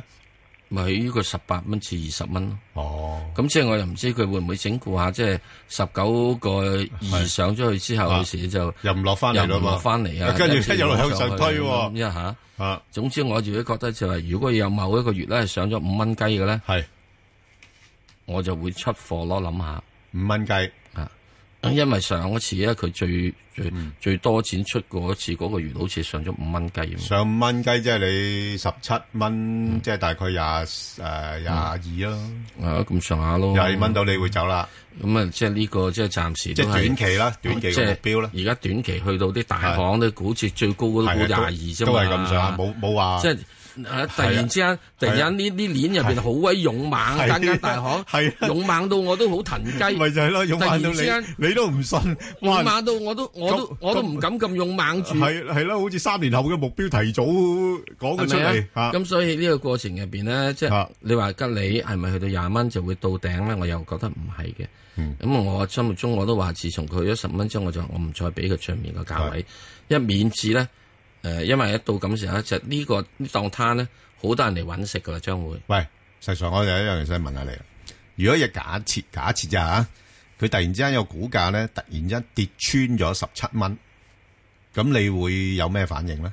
咪喺呢個十八蚊至二十蚊咯。哦，咁即係我又唔知佢會唔會整蠱下，即係十九個二上咗去之後，佢自己就又唔落翻，又唔落翻嚟啊！跟住一又向上推喎，咁樣吓。啊，啊總之我自己覺得就係、是，如果有某一個月咧係上咗五蚊雞嘅咧，係是，我就會出貨咯，諗下五蚊雞。嗯、因為上一次咧，佢最最最多錢出過一次，嗰個月好似上咗五蚊雞。上五蚊雞啫，即係你十七蚊，即係大概廿誒廿二咯。係啊，咁上下咯。廿二蚊到你會走啦。咁啊、嗯呢個，即係呢個即係暫時。即係短期啦，短期目標啦。而家、啊、短期去到啲大行啲股，最的最高都估廿二啫，都係咁上下，冇冇話。誒！突然之間，突然間呢啲鏈入邊好鬼勇猛，間間大行，勇猛到我都好騰雞。咪就係咯，勇猛到你，你都唔信，勇猛到我都，我都，我都唔敢咁勇猛住。係係咯，好似三年後嘅目標提早講咗出嚟。吓。咁所以呢個過程入邊呢，即係你話吉利係咪去到廿蚊就會到頂呢？我又覺得唔係嘅。咁我心目中我都話，自從佢去咗十蚊之後，我就我唔再俾佢出面個價位，一面市呢。誒，因為一到咁時咧，就、這、呢個檔攤咧，好多人嚟揾食噶啦，將會。喂，實上我有一樣嘢想問下你。如果亦假設假設咋？吓，佢突然之間有股價咧，突然之間跌穿咗十七蚊，咁你會有咩反應咧？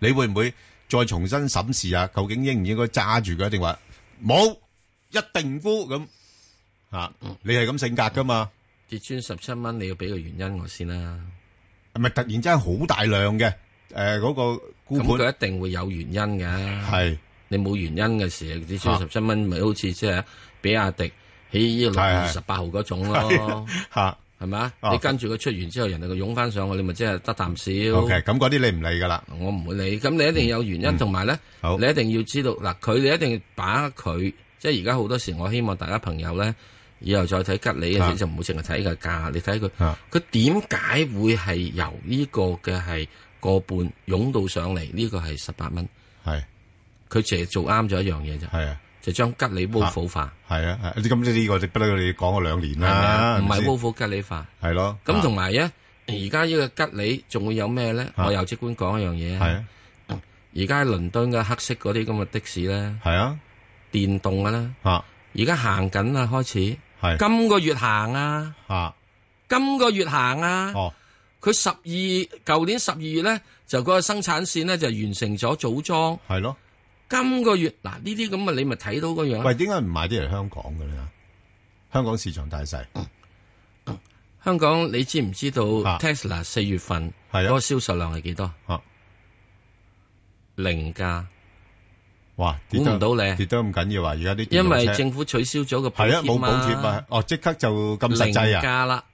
你會唔會再重新審視下、啊，究竟應唔應該揸住佢，定話冇一定沽咁？吓、啊，你係咁性格噶嘛、嗯嗯？跌穿十七蚊，你要俾個原因我先啦。係咪突然之間好大量嘅。誒，嗰個估佢一定會有原因嘅。係你冇原因嘅時，啲七十七蚊咪好似即係比亞迪起二十八號嗰種咯。吓，係咪啊？你跟住佢出完之後，人哋個湧翻上去，你咪即係得啖笑。OK，咁嗰啲你唔理噶啦，我唔會理。咁你一定有原因，同埋咧，你一定要知道嗱，佢你一定要把握佢即係而家好多時，我希望大家朋友咧以後再睇吉利嘅時，就唔好淨係睇個價，你睇佢佢點解會係由呢個嘅係。個半湧到上嚟，呢個係十八蚊。係，佢淨係做啱咗一樣嘢啫。係啊，就將吉利煲火化。係啊，你知唔知呢個，你不嬲你講咗兩年啦。唔係煲火吉利化。係咯。咁同埋咧，而家呢個吉利仲會有咩咧？我又即管講一樣嘢。係啊。而家喺倫敦嘅黑色嗰啲咁嘅的士咧。係啊。電動嘅啦。啊。而家行緊啦，開始。係。今個月行啊。啊。今個月行啊。哦。佢十二舊年十二月咧，就嗰個生產線咧就完成咗組裝。係咯的，今個月嗱呢啲咁啊，你咪睇到個樣。喂，點解唔買啲嚟香港嘅咧？香港市場大細，嗯嗯。香港，你知唔知道，啊，Tesla 四月份係的啊？個銷售量係幾多？零價。哇！估唔到你，跌得咁緊要啊！而家啲因為政府取消咗個補貼嘛，啊。哦，即刻就咁實際啊！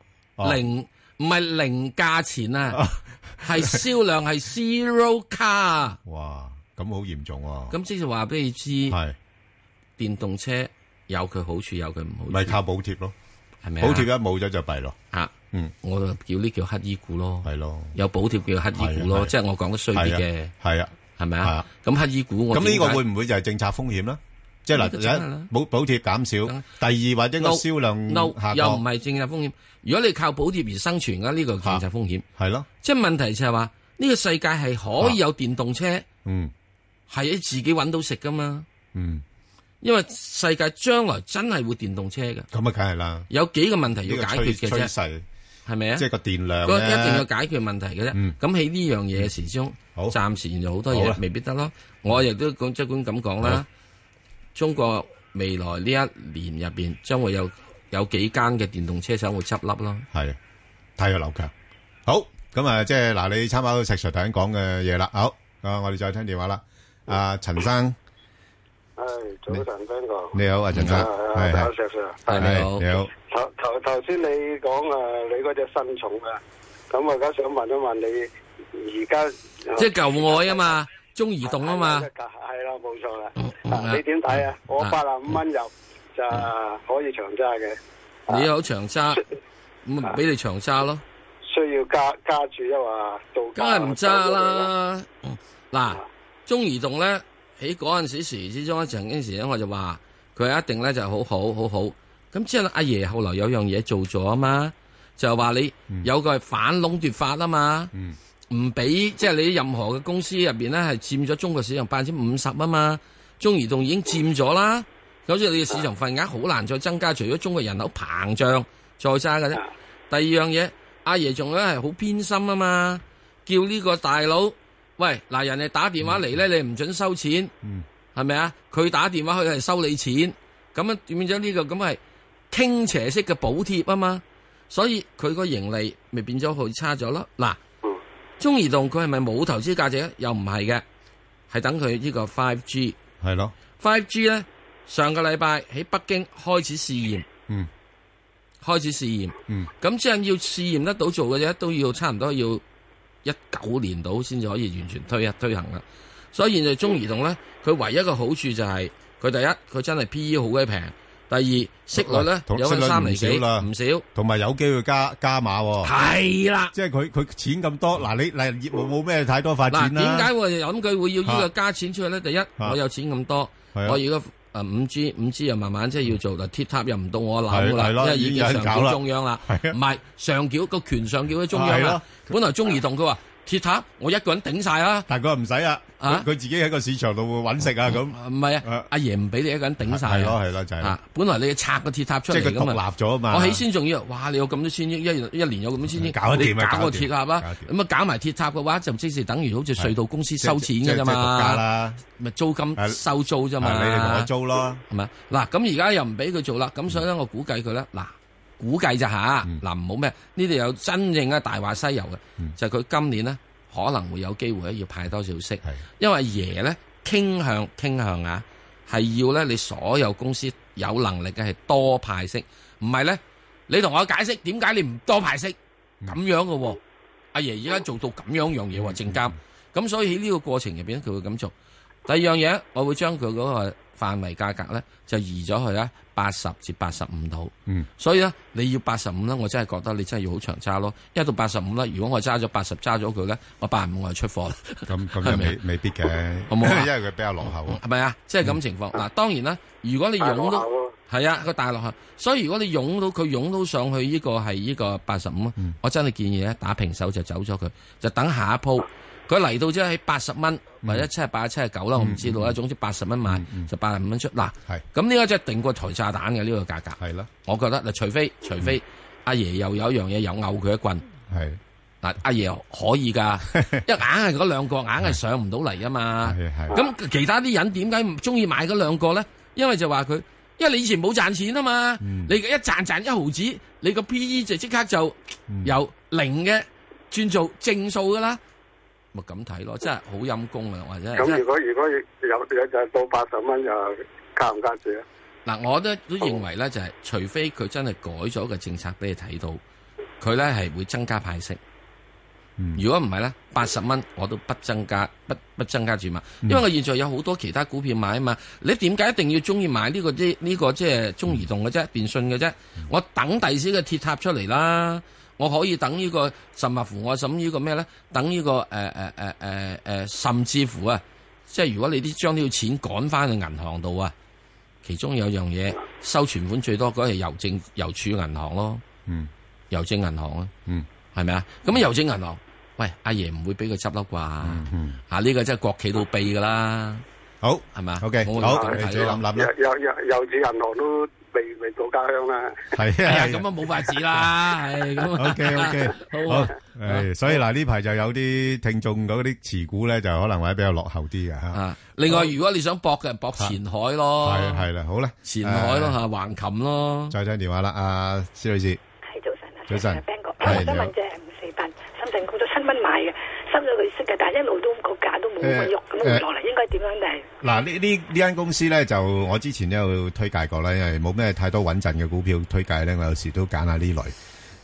零。啊唔係零價錢啊，係銷量係 zero car。哇，咁好嚴重啊。咁即係話俾你知，電動車有佢好處，有佢唔好處。咪靠補貼咯，係咪？補貼一冇咗就弊咯。啊，嗯，我就叫呢叫乞衣股咯，係咯，有補貼叫乞衣股咯，即係我講得衰啲嘅，係啊，係咪啊？咁乞衣股我咁呢個會唔會就係政策風險啦？即係嗱，冇補貼減少，第二或者個銷量又唔係政策風險。如果你靠補貼而生存嘅呢，這個政策風險係咯，啊、即係問題就係話呢個世界係可以有電動車，嗯，係要自己搵到食噶嘛，嗯，嗯，因為世界將來真係會電動車嘅，咁啊、嗯，梗係啦，有幾個問題要解決嘅啫，係咪啊？即係個電量，一定要解決問題嘅啫。咁喺呢樣嘢之中，嗯，好，暫時有好多嘢未必得咯。啊，我亦都講即管咁講啦，好中國未來呢一年入邊將會有。有幾間嘅電動車廠會執笠咯，係太陽流強。好咁啊，即係嗱，你參考石 Sir 頭先講嘅嘢啦。好啊，我哋再聽電話啦。阿陳生，係早晨，陳生哥，你好啊，陳生，你好石 Sir，你好，頭頭頭先你講啊，你嗰隻新寵啊，咁我而家想問一問你，而家即係舊愛啊嘛，中移動啊嘛，係啦，冇錯啦，你點睇啊？我八啊五蚊油。就可以長揸嘅，你有長揸咁咪俾你長揸咯。需要加加注即係話，梗係唔揸啦。嗱，嗯啊、中移動咧喺嗰陣時時之中咧，曾經時咧我就話佢一定咧就係好好好好。咁之後阿爺後來有樣嘢做咗啊嘛，就係話你有個反壟斷法啊嘛，唔俾即係你任何嘅公司入邊咧係佔咗中國市場百分之五十啊嘛。中移動已經佔咗啦。有咗你嘅市場份額好難再增加，除咗中國人口膨脹再差嘅啫。第二樣嘢，阿爺仲咧係好偏心啊嘛，叫呢個大佬，喂，嗱人哋打電話嚟咧，你唔准收錢，係咪啊？佢打電話去係收你錢，咁樣變咗呢個咁係傾斜式嘅補貼啊嘛，所以佢個盈利咪變咗好差咗咯。嗱，中移動佢係咪冇投資價值？又唔係嘅，係等佢的呢個五 G，係咯，五 G 咧。上個禮拜喺北京開始試驗，嗯，開始試驗，嗯，咁即係要試驗得到做嘅啫，都要差唔多要一九年到先至可以完全推一推行啦。所以現在中移動咧，佢唯一嘅好處就係、是、佢第一，佢真係 PE 好鬼平，第二息率咧、啊、有三厘少啦，唔少，同埋有機會加加碼、哦，係啦了，即係佢佢錢咁多嗱，你嗱業務冇咩太多發展啦、啊，點解我諗佢會要呢個加錢出去咧？第一我有錢咁多，多，我如果啊、呃、五 G 五 G 又慢慢即係要做啦，鐵塔、嗯、又唔到我樓啦，因為已經上繳中央啦，唔係上繳個權上繳咗中央啦，的本來中移動佢話。啊鐵塔我一個人頂晒啊。但係佢話唔使啊，啊佢自己喺個市場度搵食啊咁，唔係啊，阿爺唔俾你一個人頂晒啊，係咯係咯就係，本來你拆個鐵塔出嚟咁立咗啊，我起先仲要，哇你有咁多千億一一年有咁多千億，你搞掂咪搞掂，搞個鐵塔啊，咁啊搞埋鐵塔嘅話就即是等於好似隧道公司收錢嘅啫嘛，即係國家啦，咪租金收租啫嘛，你同我租咯係咪？嗱咁而家又唔俾佢做啦，咁所以咧我估計佢咧嗱。估計咋吓嗱唔好咩？呢度、嗯啊、有真正嘅大話西遊嘅，嗯、就佢今年咧可能會有機會咧要派多少息？的因為爺咧傾向傾向啊，係要咧你所有公司有能力嘅係多派息，唔係咧你同我解釋點解你唔多派息咁樣嘅、啊？阿爺而家做到咁樣樣嘢，證監，咁所以喺呢個過程入邊，佢會咁做。第二樣嘢，我會將佢嗰個範圍價格咧就移咗去啊。八十至八十五度，嗯、所以咧你要八十五啦。我真係覺得你真係要好長揸咯。一到八十五啦，如果我揸咗八十揸咗佢咧，我八十五我出貨啦。咁咁未未必嘅，係咪？因為佢比較落後啊。係咪啊？即係咁情況嗱、嗯啊。當然啦，如果你湧到係啊到去個大落後，所以如果你湧到佢湧到上去呢個係呢個八十五，我真係建議咧打平手就走咗佢，就等下一鋪。佢嚟到即係喺八十蚊，或者七十八七啊九啦，我唔知道啊。嗯嗯、總之八十蚊買，嗯嗯、就八十五蚊出嗱。咁呢是個即係定過台炸彈嘅呢個價格係啦。的我覺得嗱，除非除非、嗯、阿爺又有一樣嘢又拗佢一棍係嗱的，阿爺可以噶，一 因為硬係嗰兩個硬係上唔到嚟啊嘛。咁其他啲人點解唔中意買嗰兩個咧？因為就話佢，因為你以前冇賺錢啊嘛。你一賺賺一毫子，你個 P E 就即刻就由零嘅轉做正數噶啦。咪咁睇咯，真係好陰功啊，或者係。咁如果如果有有，有，有到就到八十蚊就加唔加住咧？嗱、啊，我都都認為咧，就係、是、除非佢真係改咗個政策俾你睇到，佢咧係會增加派息。如果唔係咧，八十蚊我都不增加，不不增加住嘛，因為我現在有好多其他股票買啊嘛。你點解一定要鍾意買呢、這個啲呢、這個即係、這個、中移動嘅啫、電信嘅啫？嗯、我等第時嘅鐵塔出嚟啦。我可以等呢個，甚至乎我諗呢個咩咧？等呢個誒誒誒誒誒，甚至乎啊，即係如果你啲將呢個錢趕翻去銀行度啊，其中有樣嘢收存款最多嗰係郵政郵儲銀行咯。嗯，郵政銀行啊。嗯，係咪啊？咁啊，郵政銀行，喂，阿爺唔會俾佢執笠啩？嗯，呢個真係國企到備噶啦。好，係咪？OK，好，你諗諗郵儲銀行都。未未到家鄉啦，係啊，咁啊冇法子啦，係咁。O K O K，好，誒，所以嗱呢排就有啲聽眾嗰啲持股咧，就可能或者比較落後啲嘅吓。另外，如果你想搏嘅，搏前海咯，係係啦，好啦，前海咯吓，橫琴咯。再聽電話啦，阿施女士。係早晨啊，早晨，Ben 哥，新聞姐五四八，深圳沽咗七蚊買嘅，失咗佢息嘅，但係一路都。誒，誒，應該點樣定？嗱，呢呢呢間公司咧，就我之前都有推介過啦，因為冇咩太多穩陣嘅股票推介咧，我有時都揀下呢類。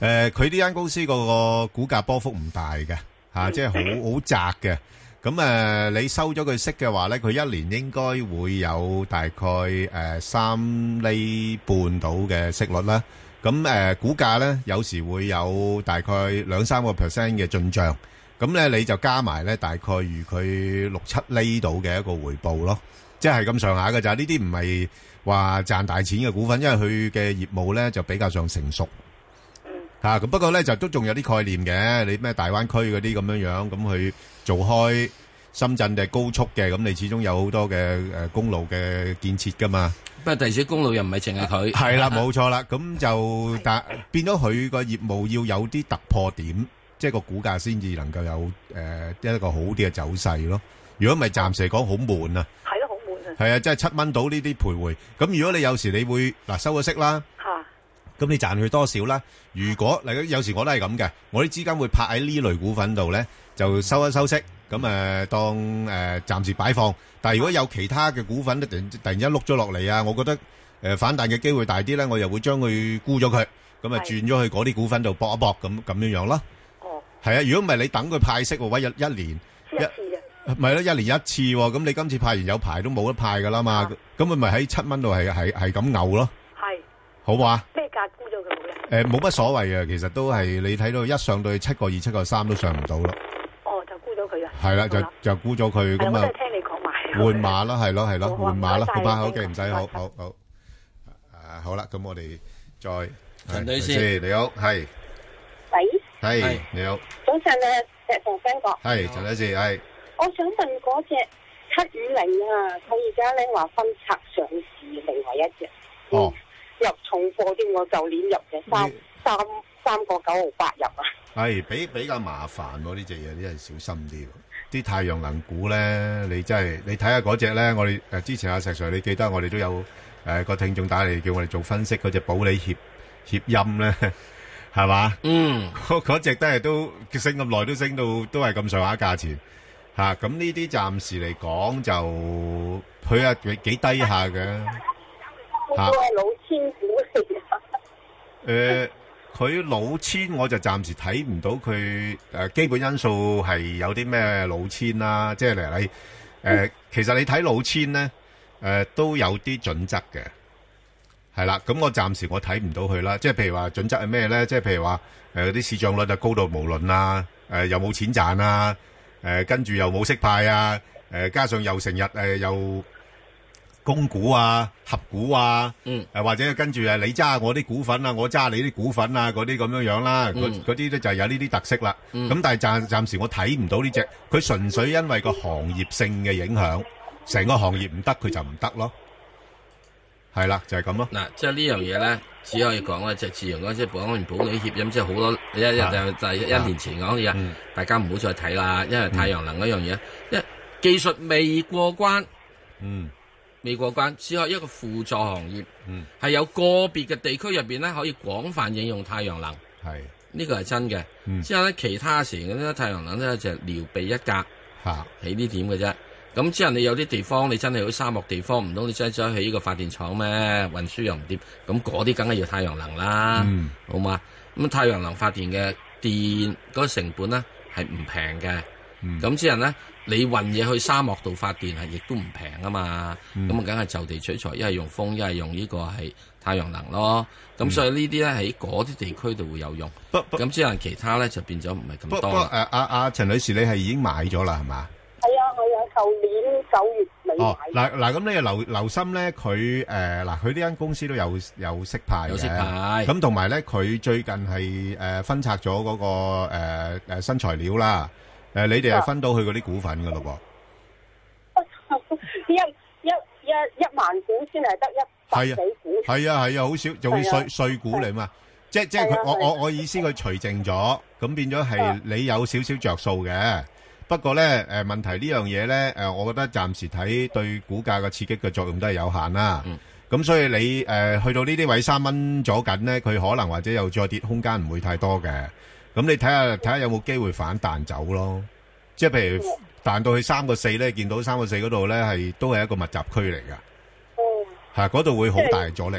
誒，佢呢間公司嗰個股價波幅唔大嘅，吓，即係好好窄嘅。咁誒，你收咗佢息嘅話咧，佢一年應該會有大概誒三厘半到嘅息率啦。咁誒，股價咧有時會有大概兩三個 percent 嘅進賬。咁咧你就加埋咧，大概如佢六七厘度嘅一個回報咯，即係咁上下㗎咋。呢啲唔係話賺大錢嘅股份，因為佢嘅業務咧就比較上成熟。嗯。嚇，咁不過咧就都仲有啲概念嘅，你咩大灣區嗰啲咁樣樣，咁佢做開深圳嘅高速嘅，咁你始終有好多嘅誒公路嘅建設噶嘛。不過第二公路又唔係淨係佢。係啦，冇錯啦，咁就但變咗佢個業務要有啲突破點。即係個股價先至能夠有誒一個好啲嘅走勢咯。如果唔係，暫時嚟講好悶啊。係咯，好悶啊。係啊，即係七蚊到呢啲徘徊。咁如果你有時你會嗱收咗息啦，咁你賺佢多少啦？如果嗱有時我都係咁嘅，我啲資金會拍喺呢類股份度咧，就收一收息，咁誒當誒暫時擺放。但係如果有其他嘅股份突然突然間碌咗落嚟啊，我覺得誒反彈嘅機會大啲咧，我又會將佢沽咗佢，咁啊轉咗去嗰啲股份度搏一搏咁咁樣樣咯。係啊，如果唔係你等佢派息喎，話一一年，一次嘅，唔係咯，一年一次喎，咁你今次派完有排都冇得派㗎啦嘛，咁佢咪喺七蚊度係係係咁嘔咯，係，好嘛？咩價沽咗佢嘅？誒，冇乜所謂啊，其實都係你睇到一上到七個二、七個三都上唔到咯。哦，就沽咗佢啊！係啦，就就沽咗佢，咁啊，換馬啦，係咯，係咯，換馬啦，個牌好嘅，唔使好好好，誒，好啦，咁我哋再陳女士，你好，係。係、hey, 你好，早晨啊，石祥生哥，係陳女士，係我想問嗰隻七五零啊，佢而家咧話分拆上市，另外一隻哦入重貨添，我舊年入嘅三三三個九號八入啊，係比比較麻煩、啊，呢隻嘢呢係小心啲，啲 太陽能股咧，你真係你睇下嗰隻咧，我哋誒、呃、之前阿石 Sir，你記得我哋都有誒個、呃、聽眾打嚟叫我哋做分析嗰隻保理協協鑫咧。 係嘛？嗯，嗰嗰隻都係都升咁耐，都升到都係咁上下嘅價錢嚇。咁呢啲暫時嚟講就佢啊幾幾低下嘅嚇。啊呃、老千股嚟佢，老千我就暫時睇唔到佢誒、呃、基本因素係有啲咩老千啦、啊。即係例如你誒、呃，其實你睇老千咧誒、呃、都有啲準則嘅。係啦，咁我暫時我睇唔到佢啦。即係譬如話準則係咩咧？即係譬如話誒嗰啲市佔率就高到無論啊，誒又冇錢賺啊，誒跟住又冇息派啊，誒加上又成日誒又供股啊、合股啊，誒或者跟住誒你揸我啲股份啊，我揸你啲股份啊，嗰啲咁樣樣啦，嗰嗰啲咧就係有呢啲特色啦。咁但係暫暫時我睇唔到呢隻，佢純粹因為個行業性嘅影響，成個行業唔得，佢就唔得咯。係啦，就係咁咯。嗱，即係呢樣嘢咧，只可以講咧，即係自然嗰啲，講完保險、險金，即係好多，一又就係一年前講嘅，大家唔好再睇啦。因為太陽能嗰樣嘢，因為技術未過關，嗯，未過關，只係一個輔助行業，嗯，係有個別嘅地區入邊咧，可以廣泛應用太陽能，係呢個係真嘅。之後咧，其他時嘅太陽能咧就聊備一格，吓，係呢點嘅啫。咁之後你有啲地方你真係去沙漠地方，唔通你真係走去呢個發電廠咩？運輸又唔掂，咁嗰啲梗係要太陽能啦，好、嗯、嘛？咁太陽能發電嘅電嗰成本咧係唔平嘅，咁之後咧你運嘢去沙漠度發電係亦都唔平啊嘛，咁啊梗係就地取材，一係用風，一係用呢個係太陽能咯。咁所以呢啲咧喺嗰啲地區度會有用。咁之後其他咧就變咗唔係咁多。不不，誒阿陳女士你係已經買咗啦係嘛？舊年九月你買哦，嗱嗱咁，你又留留心咧？佢誒，嗱，佢呢間公司都有有息派嘅，咁同埋咧，佢最近係誒分拆咗嗰個誒誒新材料啦。誒，你哋係分到佢嗰啲股份噶咯噃？一一一一萬股先係得一百幾股，係啊係啊，好少，仲要碎碎股嚟嘛？即即係佢，我我我意思，佢除淨咗，咁變咗係你有少少着數嘅。不過咧，誒、呃、問題呢樣嘢咧，誒、呃、我覺得暫時睇對股價嘅刺激嘅作用都係有限啦。咁、嗯、所以你誒、呃、去到呢啲位三蚊左右咧，佢可能或者又再跌空間唔會太多嘅。咁你睇下睇下有冇機會反彈走咯。即係譬如彈到去三個四咧，見到三個四嗰度咧係都係一個密集區嚟㗎。係啊、嗯，嗰度會好大阻力。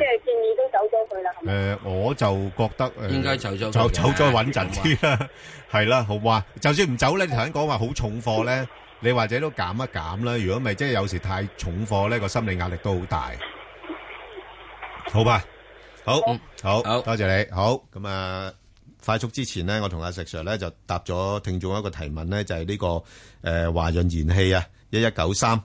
誒，我就覺得誒，應該走再穩陣啲啦，係啦，好嘛？就算唔走咧，你頭先講話好重貨咧，你或者都減一減啦。如果咪即係有時太重貨咧，個心理壓力都好大，好嘛？好，好，多謝你，好咁啊！快速之前咧，我同阿石 Sir 咧就答咗聽眾一個提問咧，就係呢個誒華潤燃氣啊，一一九三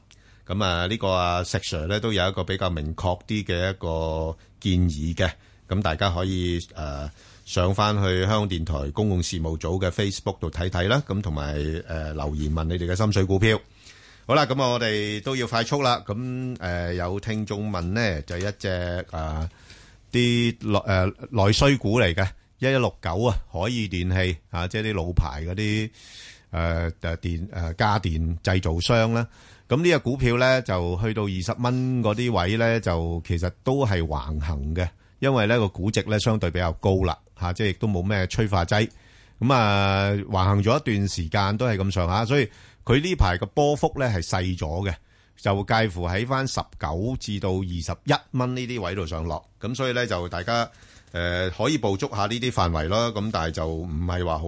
咁啊。呢個阿石 Sir 咧都有一個比較明確啲嘅一個建議嘅。咁大家可以誒上翻去香港電台公共事務組嘅 Facebook 度睇睇啦。咁同埋誒留言問你哋嘅心水股票好啦。咁啊，我哋都要快速啦。咁誒有聽眾問呢，就係一隻誒啲內誒內需股嚟嘅一一六九啊，海爾電器啊，即係啲老牌嗰啲誒誒電誒家電製造商啦。咁呢隻股票咧就去到二十蚊嗰啲位咧，就其實都係橫行嘅。因為呢個估值咧相對比較高啦，吓即係亦都冇咩催化劑，咁啊橫行咗一段時間都係咁上下，所以佢呢排個波幅咧係細咗嘅，就介乎喺翻十九至到二十一蚊呢啲位度上落，咁所以咧就大家誒可以捕捉下呢啲範圍咯，咁但係就唔係話好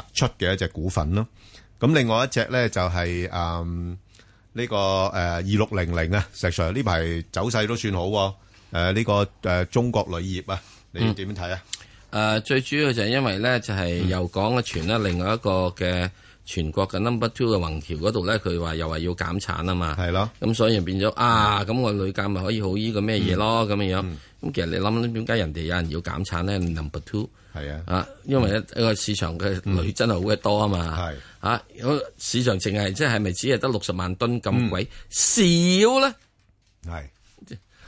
突出嘅一隻股份咯，咁另外一隻咧就係誒呢個誒二六零零啊，實上呢排走勢都算好。誒，呢、呃這個誒、呃、中國鋁業要啊，你點樣睇啊？誒、呃，最主要就係因為咧，就係、是、又講嘅傳啦，另外一個嘅全國嘅 number two 嘅宏橋嗰度咧，佢話又話要減產啊嘛。係咯。咁、啊、所以就變咗啊，咁個鋁價咪可以好呢個咩嘢咯？咁、嗯、樣。咁其實你諗諗點解人哋有人要減產咧？number two 係啊，啊，因為一個市場嘅鋁真係好嘅多啊嘛。係、嗯。啊，市場淨係即係咪只係得六十萬噸咁鬼少咧？係。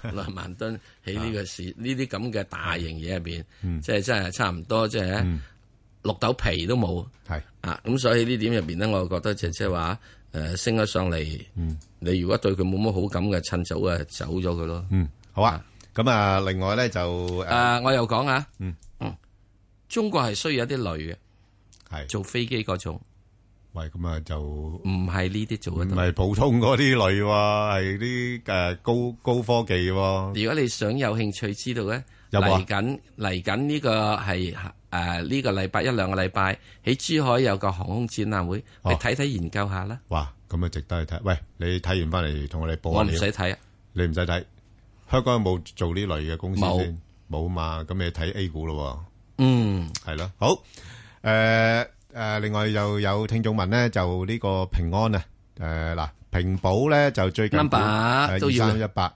六萬噸喺呢個市呢啲咁嘅大型嘢入邊，即係真係差唔多，即係綠豆皮都冇。係啊，咁所以呢點入邊咧，我係覺得就即係話誒，升咗上嚟，你如果對佢冇乜好感嘅，趁早啊走咗佢咯。嗯，好啊。咁啊，另外咧就誒，我又講啊。嗯嗯，中國係需要一啲鋁嘅，係做飛機嗰種。喂，咁啊就唔係呢啲做唔係普通嗰啲類喎，係啲誒高高科技喎。如果你想有興趣知道咧，嚟緊嚟緊呢個係誒呢個禮拜一兩個禮拜喺珠海有個航空展覽會，你睇睇研究下啦。哇，咁啊值得去睇。喂，你睇完翻嚟同我哋報下料。我唔使睇啊。你唔使睇，香港有冇做呢類嘅公司先冇嘛？咁你睇 A 股咯。嗯，係咯，好誒。誒，另外又有聽眾問咧，就呢個平安啊，誒嗱，平保咧就最近二三一八，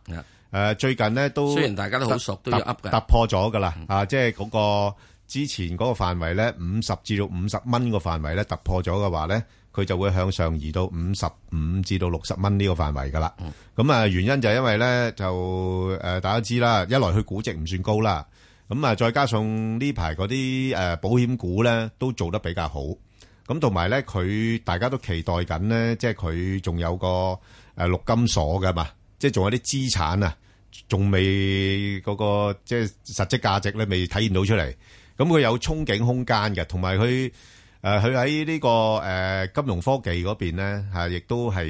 誒最近咧都雖然大家都好熟，都要噏嘅，突破咗噶啦，啊，即係嗰個之前嗰個範圍咧五十至到五十蚊個範圍咧突破咗嘅話咧，佢就會向上移到五十五至到六十蚊呢個範圍噶啦。咁啊，原因就係因為咧就誒大家知啦，一來佢估值唔算高啦。咁啊，再加上呢排嗰啲誒保險股咧，都做得比較好。咁同埋咧，佢大家都期待緊咧，即係佢仲有個誒陸金所㗎嘛，即係仲有啲資產啊，仲未嗰個即係實際價值咧，未體現到出嚟。咁佢有憧憬空間嘅，同埋佢誒佢喺呢個誒金融科技嗰邊咧嚇，亦都係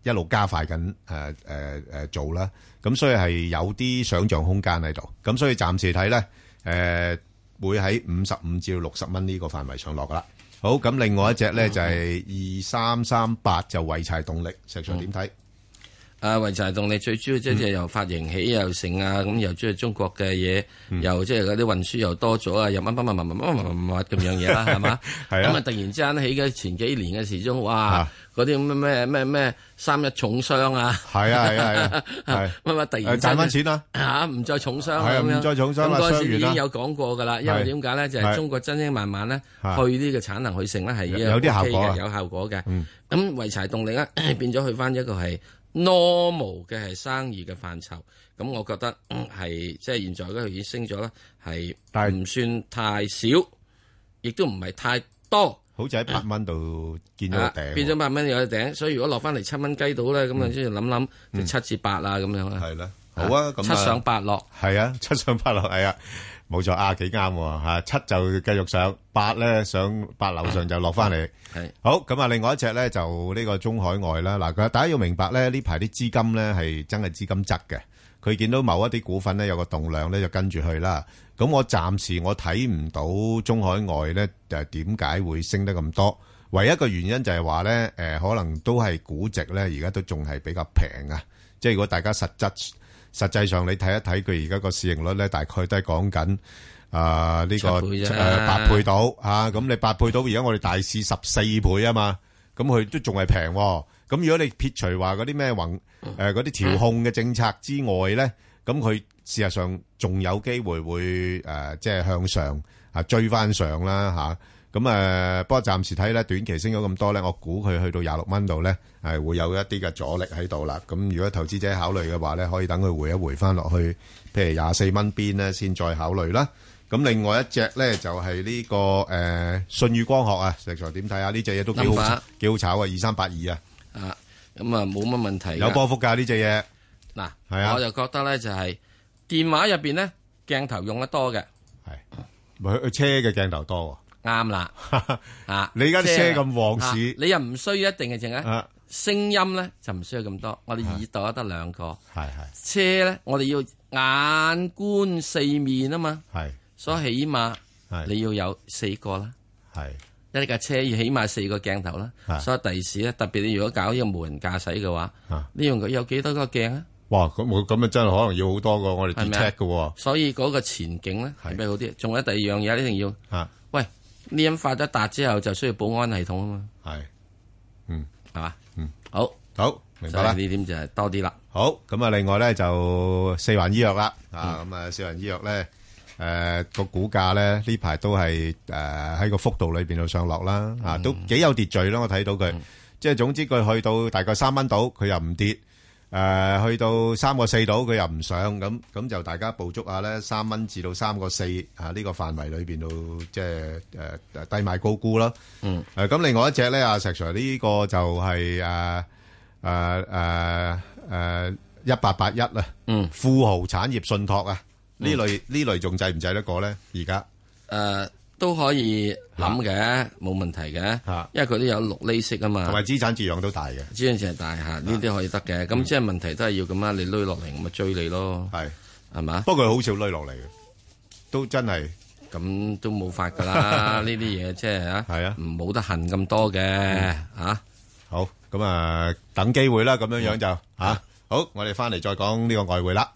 一路加快緊誒誒誒做啦。咁所以係有啲想像空間喺度。咁所以暫時睇咧。誒、呃、會喺五十五至到六十蚊呢個範圍上落噶啦。好，咁另外一隻呢，就係二三三八，就濰柴動力，石尚點睇？嗯啊！維柴動力最主要即係由發型起又成啊，咁又中意中國嘅嘢，又即係嗰啲運輸又多咗啊，又乜乜乜乜乜乜乜乜咁樣嘢啦，係嘛？咁啊，突然之間起嘅前幾年嘅時鐘，哇！嗰啲咩咩咩咩三一重傷啊，係啊係啊，乜乜突然賺翻錢啦嚇，唔再重傷咁樣唔再重傷咁嗰陣時已經有講過㗎啦。因為點解咧？就係中國真係慢慢咧去呢個產能去成咧係有啲效果有效果嘅。咁維柴動力咧變咗去翻一個係。normal 嘅係生意嘅範疇，咁我覺得係、嗯、即係現在咧佢已經升咗啦，係，但係唔算太少，亦都唔係太多，好在喺八蚊度見咗頂，變咗八蚊又一頂，所以如果落翻嚟七蚊雞到咧，咁啊先至諗諗，嗯、就七至八啦咁樣啊，係啦，好啊，咁啊樣七上八落係啊，七上八落係啊。冇錯，啊幾啱喎吓，七就繼續上，八咧上八樓上就落翻嚟。係好咁啊，另外一隻咧就呢個中海外啦。嗱，大家要明白咧，呢排啲資金咧係真係資金窒嘅。佢見到某一啲股份咧有個動量咧就跟住去啦。咁我暫時我睇唔到中海外咧就點解會升得咁多？唯一個原因就係話咧，誒可能都係估值咧而家都仲係比較平啊。即係如果大家實質。實際上你睇一睇佢而家個市盈率咧，大概都係講緊啊呢個誒、呃、八倍到嚇。咁、啊、你八倍到，而家我哋大市十四倍啊嘛，咁佢都仲係平喎。咁如果你撇除話嗰啲咩宏誒嗰啲調控嘅政策之外咧，咁佢事實上仲有機會會誒、呃、即係向上啊追翻上啦嚇。啊咁誒，不過暫時睇咧，短期升咗咁多咧，我估佢去到廿六蚊度咧，係會有一啲嘅阻力喺度啦。咁如果投資者考慮嘅話咧，可以等佢回一回翻落去，譬如廿四蚊邊咧，先再考慮啦。咁另外一隻咧就係呢個誒舜宇光學啊，石材點睇啊？呢隻嘢都幾好，幾好炒啊！二三八二啊，啊咁啊，冇乜問題。有波幅㗎呢隻嘢嗱，係啊，我就覺得咧就係電話入邊咧鏡頭用得多嘅，係唔係佢車嘅鏡頭多？啱啦，啊！你而家啲車咁旺市，你又唔需要一定嘅淨啊？聲音咧就唔需要咁多，我哋耳朵得兩個，係係。車咧，我哋要眼觀四面啊嘛，係。所以起碼你要有四個啦，係。一架車要起碼四個鏡頭啦，所以第時咧，特別你如果搞呢個無人駕駛嘅話，你用佢有幾多個鏡啊？哇！咁咁咪真係可能要好多個我哋 detect 嘅，所以嗰個前景咧係咪好啲？仲有第二樣嘢一定要啊。呢樣發咗達之後就需要保安系統啊嘛，係，嗯，係嘛吧，嗯，好，好，以明白啦。呢點就係多啲啦。好，咁啊，另外咧就四環醫藥啦，啊、嗯，咁啊，四環醫藥咧，誒，個股價咧呢排都係誒喺個幅度裏邊度上落啦，啊、嗯，都幾有秩序咯，我睇到佢，即係、嗯、總之佢去到大概三蚊到，佢又唔跌。誒、呃、去到三個四度，佢又唔上咁，咁就大家捕捉下咧，三蚊至到三個四啊，呢、這個範圍裏邊度，即係誒低買高沽啦。嗯。誒咁、呃、另外一隻咧，阿、啊、石 Sir 呢個就係誒誒誒誒一八八一啦。呃呃呃、81，嗯。富豪產業信託啊，嗯、類類類呢類呢類仲制唔制得過咧？而家誒。呃都可以諗嘅，冇問題嘅，因為佢都有六厘息啊嘛，同埋資產住養都大嘅，資產住係大吓，呢啲可以得嘅，咁即係問題都係要咁樣，你攞落嚟咁咪追你咯，係係嘛，不過佢好少攞落嚟嘅，都真係咁都冇法噶啦，呢啲嘢即係啊，係啊，唔冇得恨咁多嘅吓。好咁啊等機會啦，咁樣樣就吓好，我哋翻嚟再講呢個外匯啦。